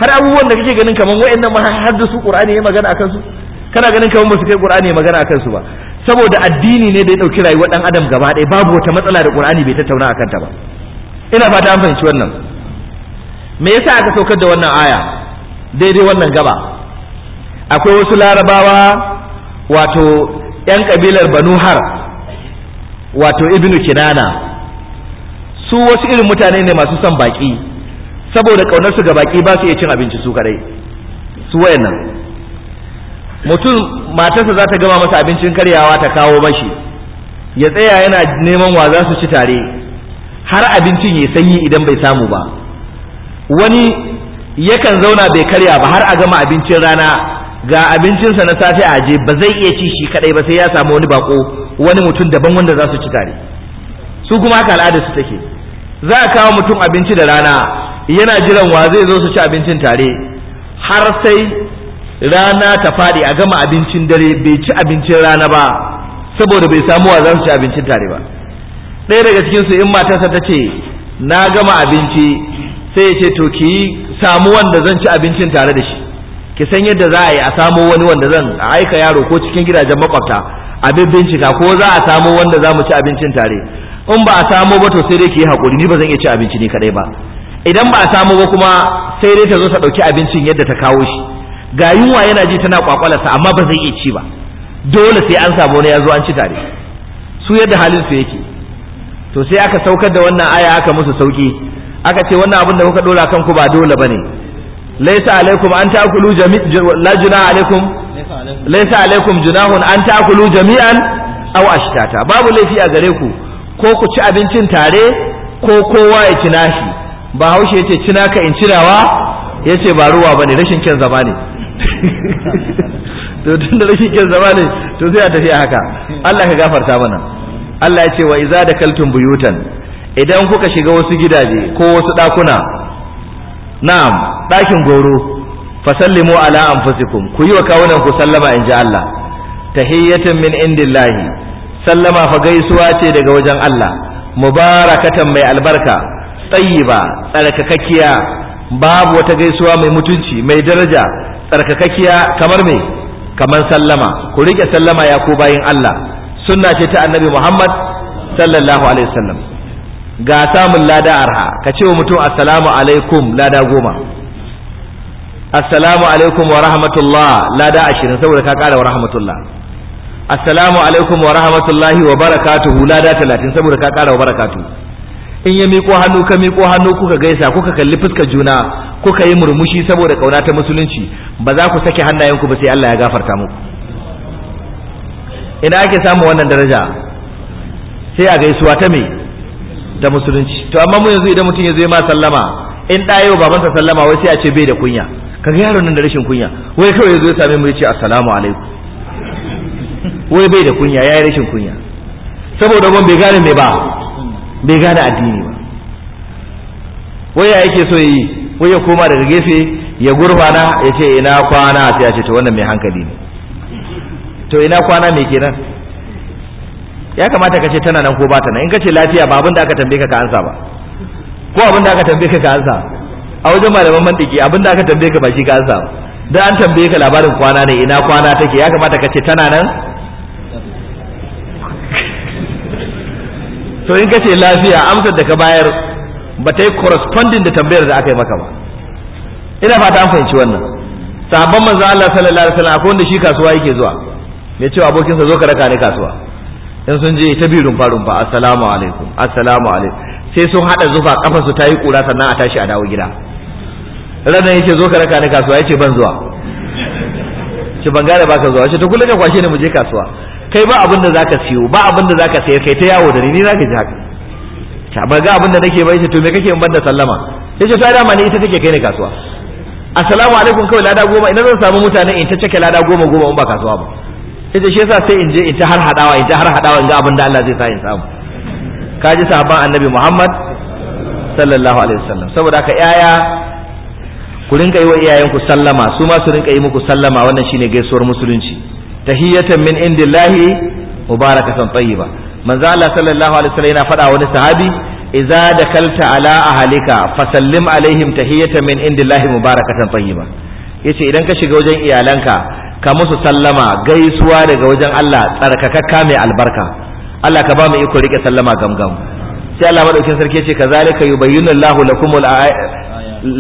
har abubuwan da kake ganin kaman wayannan ma har da su qur'ani ya magana akan su kana ganin kaman ba su kai qur'ani ya magana akan su ba saboda addini ne da ya dauki rayuwar dan adam gaba ɗaya babu wata matsala da qur'ani bai tattauna akan ta ba ina fata an fahimci wannan me yasa aka saukar da wannan aya daidai wannan gaba akwai wasu larabawa wato yan kabilar banu har wato ibnu kinana su wasu irin mutane ne masu son baki saboda kaunar su ga baki ba su iya cin abinci su kadai su wayannan mutum matarsa za ta gama masa abincin karyawa ta kawo mashi ya tsaya yana neman wa za su ci tare har abincin ya sanyi idan bai samu ba wani yakan zauna bai karya ba har a gama abincin rana ga abincinsa na safe a aje ba zai iya ci shi kadai ba sai ya samu wani bako wani mutum daban wanda za su ci tare su kuma haka al'ada su take za a kawo mutum abinci da rana yana jiran wa zai zo su ci abincin tare har sai rana ta faɗi a gama abincin dare bai ci abincin rana ba saboda bai samu wa za su ci abincin tare ba ɗaya daga cikin su in matarsa ta ce na gama abinci sai ya ce to ki samu wanda zan ci abincin tare da shi ki san yadda za a yi a samu wani wanda zan a aika yaro ko cikin gidajen makwabta abin bincika ko za a samu wanda za mu ci abincin tare in ba a samo ba to sai dai ki yi hakuri ni ba zan iya ci abinci ni kadai ba idan ba a samo ba kuma sai dai ta zo ta dauki abincin yadda ta kawo shi ga yunwa yana ji tana kwakwalarsa amma ba zai iya ci ba dole sai an samu wani ya zo an ci tare su yadda halin su yake to sai aka saukar da wannan aya aka musu sauki aka ce wannan abin da kuka dora kanku ba dole bane laysa alaikum an jami'an la juna alaikum laysa alaikum junahun an ta'kulu jami'an aw ashtata babu laifi a gare ku ko ku ci abincin tare ko kowa ya ci nashi ba haushe yace ci naka in cinawa yace ba ruwa bane rashin kyan zama ne to tun da rashin kyan zama ne to sai a tafi haka Allah ka gafarta mana Allah ya ce wa iza da kaltun buyutan idan kuka shiga wasu gidaje ko wasu dakuna, na'am dakin goro sallimu ala anfusikum ku yi wa kawunan ku sallama in ji Allah tahiyyatan min indillahi sallama fa gaisuwa ce daga wajen Allah mubarakatan mai albarka tsayiba, tsarkakakkiya babu wata gaisuwa mai mutunci mai daraja tsarkakakkiya kamar me kamar sallama ku rike sallama ya ku bayin Allah sunna ce ta annabi Muhammad sallallahu alaihi wasallam ga samun lada arha ka ce wa mutum assalamu alaikum lada goma assalamu alaikum wa rahmatullah lada ashirin saboda ka kara wa rahmatullah assalamu alaikum wa rahmatullahi wa barakatuhu lada talatin saboda ka kara wa barakatu. in ya miko hannu ka miko hannu kuka gaisa kuka kalli fuskar juna kuka yi murmushi saboda kauna ta musulunci ba za ku sake hannayenku ba sai Allah ya gafarta muku ina ake samun wannan daraja sai a gaisuwa ta me da musulunci to amma mu yanzu idan mutum ya zo ma sallama in ɗayo babansa sallama wai sai a ce bai da kunya kaga yaron nan da rashin kunya wai kawai ya zo ya same mu ya ce assalamu alaikum wai bai da kunya ya yi rashin kunya saboda ban bai gane me ba bai gane addini ba wai ya yake so yi wai ya koma daga gefe ya gurbana ya ce ina kwana a ya ce to wannan mai hankali ne to ina kwana me kenan ya kamata ka ce tana nan ko bata nan in ka ce lafiya ba abin da aka tambaye ka ka ansa ba ko abin da aka tambaye ka ka ansa a wajen malaman mantiki abin da aka tambaye ka ba shi ka ansa ba da an tambaye ka labarin kwana ne ina kwana take ya kamata ka ce tana nan to in kace lafiya amsar da ka bayar ba ta yi corresponding da tambayar da aka yi maka ba ina fata an fahimci wannan sahabban manzo Allah sallallahu alaihi wasallam akwai wanda shi kasuwa yake zuwa Me cewa abokinsa zo ka raka ni kasuwa in sun je ta biyu rumfa rumfa assalamu alaikum assalamu alaikum sai sun hada zufa kafa su ta yi kura sannan a tashi a dawo gida ranar yake zo ka raka ni kasuwa yace ban zuwa ci ban gane baka zuwa ce to kullum ka kwashe ni mu je kasuwa kai ba abin da zaka siyo ba abin da zaka sayar kai ta yawo da ni ni zaka ji haka ta ba ga abin da nake bai ce to me kake in banda sallama sai ce ta da ma ni ita take kai ne kasuwa assalamu alaikum kawai lada goma ina zan samu mutane in ta cike lada goma goma in ba kasuwa ba ce shi yasa sai in je in ta har hadawa in ta har hadawa in ga abin da Allah zai sa in samu ka ji sahabban annabi Muhammad sallallahu alaihi wasallam saboda ka yaya ku rinka yi wa iyayenku sallama su ma su rinka yi muku sallama wannan shine gaisuwar musulunci tahiyatan min indillahi mubarakatan tayyiba manzo Allah sallallahu alaihi wasallam yana faɗa wani sahabi idza dakalta ala ahlika fasallim alaihim tahiyatan min indillahi mubarakatan tayyiba yace idan ka shiga wajen iyalanka ka musu sallama gaisuwa daga wajen Allah tsarkakakka mai albarka Allah ka ba mu iko rike sallama gamgam sai Allah madaukin sarki yace kazalika yubayyinu Allahu lakumul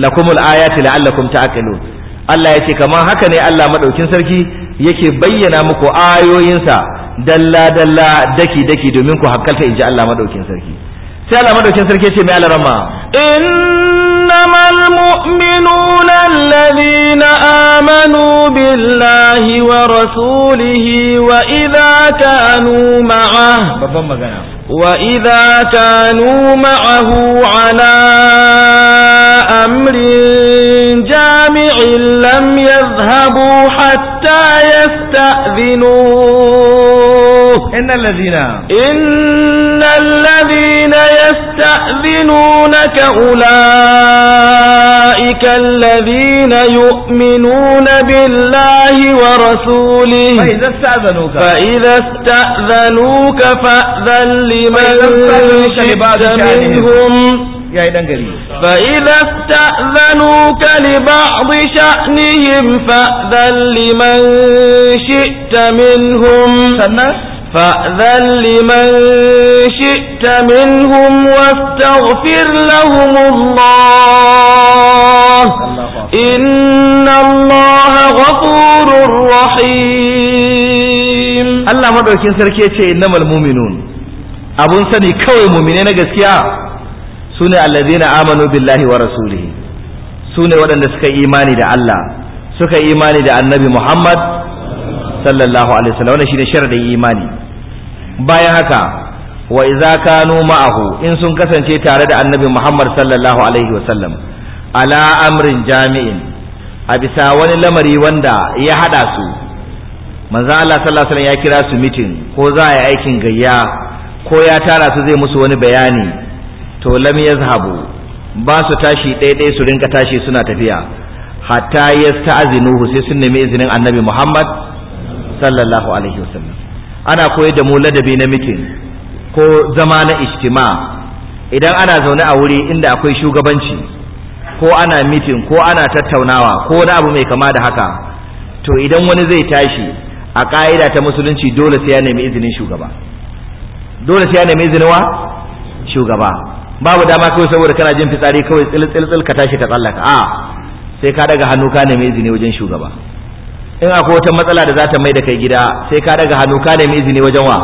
lakumul ayati la'allakum ta'qilun Allah yace kamar haka ne Allah madaukin sarki yake bayyana muku ayoyinsa dalla dalla daki daki domin ku hakkalta inji Allah madaukin sarki sai Allah madaukin sarki ce mai alarama إنما المؤمنون الذين آمنوا بالله ورسوله وإذا كانوا معه وإذا كانوا معه على يستأذنوه إن الذين إن الذين يستأذنونك أولئك الذين يؤمنون بالله ورسوله فإذا استأذنوك فإذا استأذنوك فأذن لمن شئت yayi dan gari fa idza ta'zanuka li ba'd sha'nihim fa'dhal liman shi'ta minhum sannan فأذن لمن شئت منهم واستغفر لهم الله إن الله غفور رحيم الله مدركين سركيتي إنما المؤمنون abun sani kawai mumine na gaskiya su ne allazina amanu billahi wa rasulihi su ne waɗanda suka yi imani da Allah suka imani da annabi Muhammad sallallahu alaihi wasallam wannan shine sharadin imani bayan haka wa idza kanu ma'ahu in sun kasance tare da annabi Muhammad sallallahu alaihi wasallam ala amrin jami'in a bisa wani lamari wanda ya hada su manzo Allah sallallahu alaihi wasallam ya kira su mitin ko za a yi aikin gayya ko ya tara su zai musu wani bayani to lam yazhabu ba su tashi ɗaiɗai su rinka tashi suna tafiya hatta yasta'zinuhu sai sun nemi izinin annabi Muhammad sallallahu alaihi wasallam ana koyar da mu ladabi na mitin ko zama na ijtima idan ana zaune a wuri inda akwai shugabanci ko ana mitin ko ana tattaunawa ko wani abu mai kama da haka to idan wani zai tashi a ka'ida ta musulunci dole sai ya nemi izinin shugaba dole sai ya nemi izinin wa shugaba babu dama kawai saboda kana jin fitsari kawai tsil ka tashi ka tsallaka a sai ka daga hannu ka nemi izini wajen shugaba in akwai wata matsala da za ta mai da kai gida sai ka daga hannu ka nemi izini wajen wa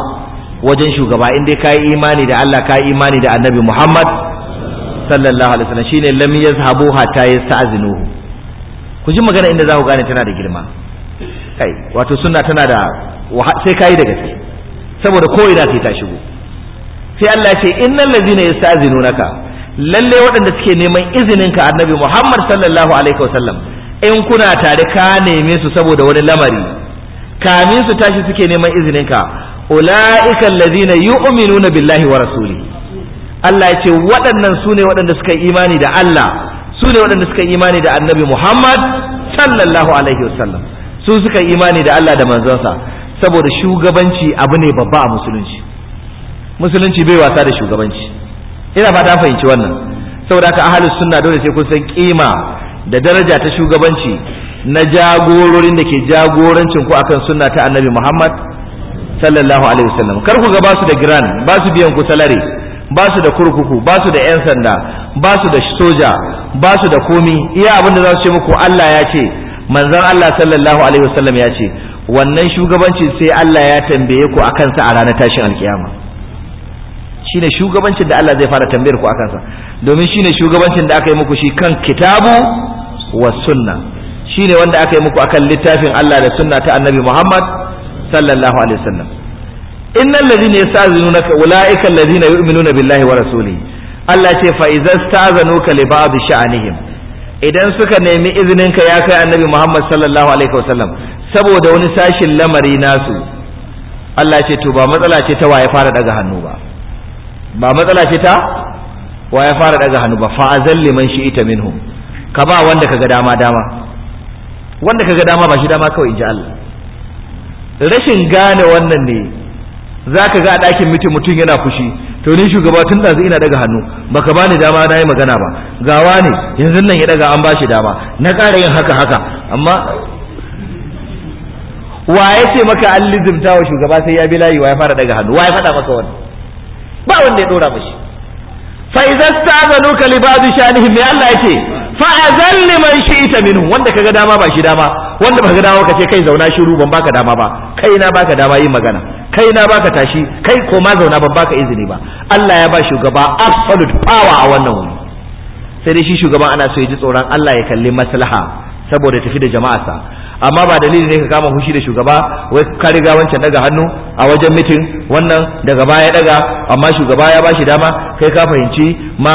wajen shugaba in dai ka yi imani da Allah ka yi imani da Annabi Muhammad sallallahu alaihi wasallam shine lam yazhabu hatta yasta'zinuhu ku ji magana inda za ku gane tana da girma kai wato sunna tana da sai kai da gaske saboda ko ina sai ta shigo sai Allah ce innal ladina yastazinunaka lalle waɗanda suke neman izinin ka annabi Muhammad sallallahu alaihi wasallam in kuna tare ka neme su saboda wani lamari kamin su tashi suke neman izinin ka ulaika allazina yu'minuna billahi wa Rasuli. Allah ya ce waɗannan su ne waɗanda suka imani da Allah su ne waɗanda suka imani da annabi Muhammad sallallahu alaihi wasallam su suka imani da Allah da manzonsa saboda shugabanci abu ne babba a musulunci musulunci bai wasa da shugabanci ina ba ta fahimci wannan saboda haka ahalus sunna dole sai kun san kima da daraja ta shugabanci na jagororin da ke jagorancin ku akan sunna ta annabi Muhammad sallallahu alaihi wasallam kar ku ga basu da giran basu biyan ku salari basu da kurkuku basu da yan sanda basu da soja basu da komi iya abin da za su ce muku Allah ya ce manzon Allah sallallahu alaihi wasallam ya ce wannan shugabanci sai Allah ya tambaye ku akan sa a ranar tashin alkiyama shine shugabancin da Allah zai fara tambayar ku akan sa domin shine shugabancin da aka yi muku shi kan kitabu wa sunna shine wanda aka yi muku akan littafin Allah da sunna ta Annabi Muhammad sallallahu alaihi wasallam innal ladhina yasta'zinunaka ulaika alladhina yu'minuna billahi wa rasulihi Allah ce fa idza sta'zanuka li ba'd sha'anihim idan suka nemi izininka ya kai Annabi Muhammad sallallahu alaihi wasallam saboda wani sashin lamari nasu Allah ce to ba matsala ce ta waye fara daga hannu ba ba matsala ce ta wa ya fara daga hannu ba fa azalli man shi ita minhum ka ba wanda kaga dama dama wanda kaga dama ba shi dama kawai inji Allah rashin gane wannan ne zaka ga a dakin mutum mutum yana fushi to ni shugaba tun da ina daga hannu baka bani dama na yi magana ba gawa ne yanzu nan ya daga an bashi dama na ƙara yin haka haka amma wa ya ce maka an lizimta wa shugaba sai ya bi layi wa ya fara daga hannu wa ya faɗa maka wani ba wanda ya dora mashi fa idza sta'zanuka li ba'd shanihim ya Allah yake fa azalli man shi'ta minhu wanda kaga dama ba shi dama wanda baka dama kace kai zauna shiru ban baka dama ba kai na baka dama yin magana kai na baka tashi kai ko ma zauna ban baka izini ba Allah ya ba shugaba absolute power a wannan wuri sai dai shi shugaban ana so ya ji tsoron Allah ya kalli maslaha saboda tafi da jama'arsa amma ba dalili ne ka kama fushi da shugaba wai ka riga wancan daga hannu a wajen mitin wannan daga baya daga amma shugaba ya bashi dama kai ka fahimci ma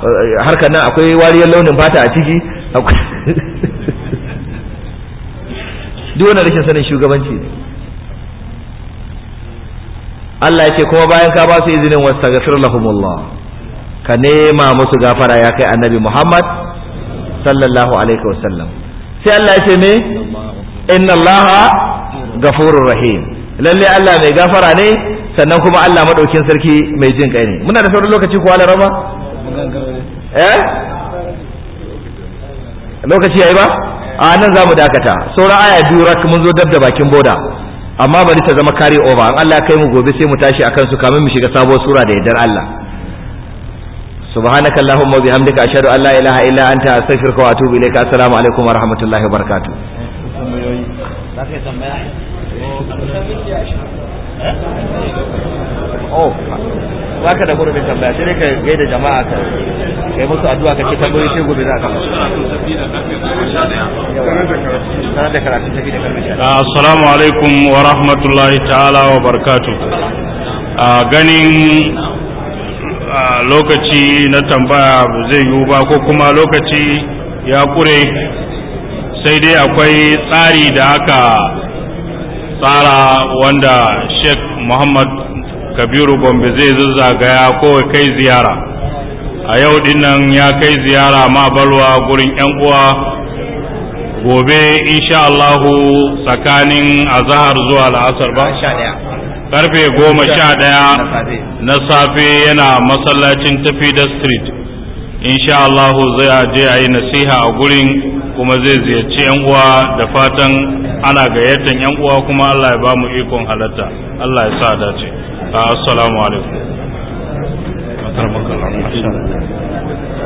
eh, harkar nan akwai wariyar launin fata a ciki duk rashin sanin shugabanci ne Allah ya ce kuma bayan ka ba su izinin wastaghfir lahumullah ka nema musu gafara ya kai annabi Muhammad sallallahu alaihi wasallam sai Allah ya ce me inna allaha gafurur rahim lalle Allah mai gafara ne sannan kuma Allah madaukin sarki mai jin kai ne muna da sauran lokaci ko alara ba eh lokaci yayi ba a nan zamu dakata sauran aya biyu mun zo dab da bakin boda amma bari ta zama kare over an Allah kai mu gobe sai mu tashi akan su kamin mu shiga sabuwar sura da yaddar Allah سبحانك اللهم وبحمدك أشهد أن لا إله إلا أنت أستغفرك وأتوب إليك السلام عليكم ورحمة الله وبركاته tambayoyi za oh, ka da jama'a ka kai musu addu'a ka ce gobe za a ah, wa rahmatullahi ta'ala wa ah, ganin ah, lokaci na tambaya zai yiwu ba ko kuma lokaci ya kure sai dai akwai tsari da aka tsara wanda sheikh muhammad kabiru gombe zai zazzagaya ko kai ziyara a yau dinnan ya kai ziyara ma balwa gurin 'yan uwa gobe insha Allahu tsakanin azahar zuwa la'asar ba karfe goma sha ɗaya na safe yana masallacin tafida street insha Allahu zai je a yi nasiha a gurin kuma zai ziyarci yan uwa da fatan ana gayyatar yan uwa kuma Allah ya ba mu ikon halatta Allah ya sa dace assalamu alaikum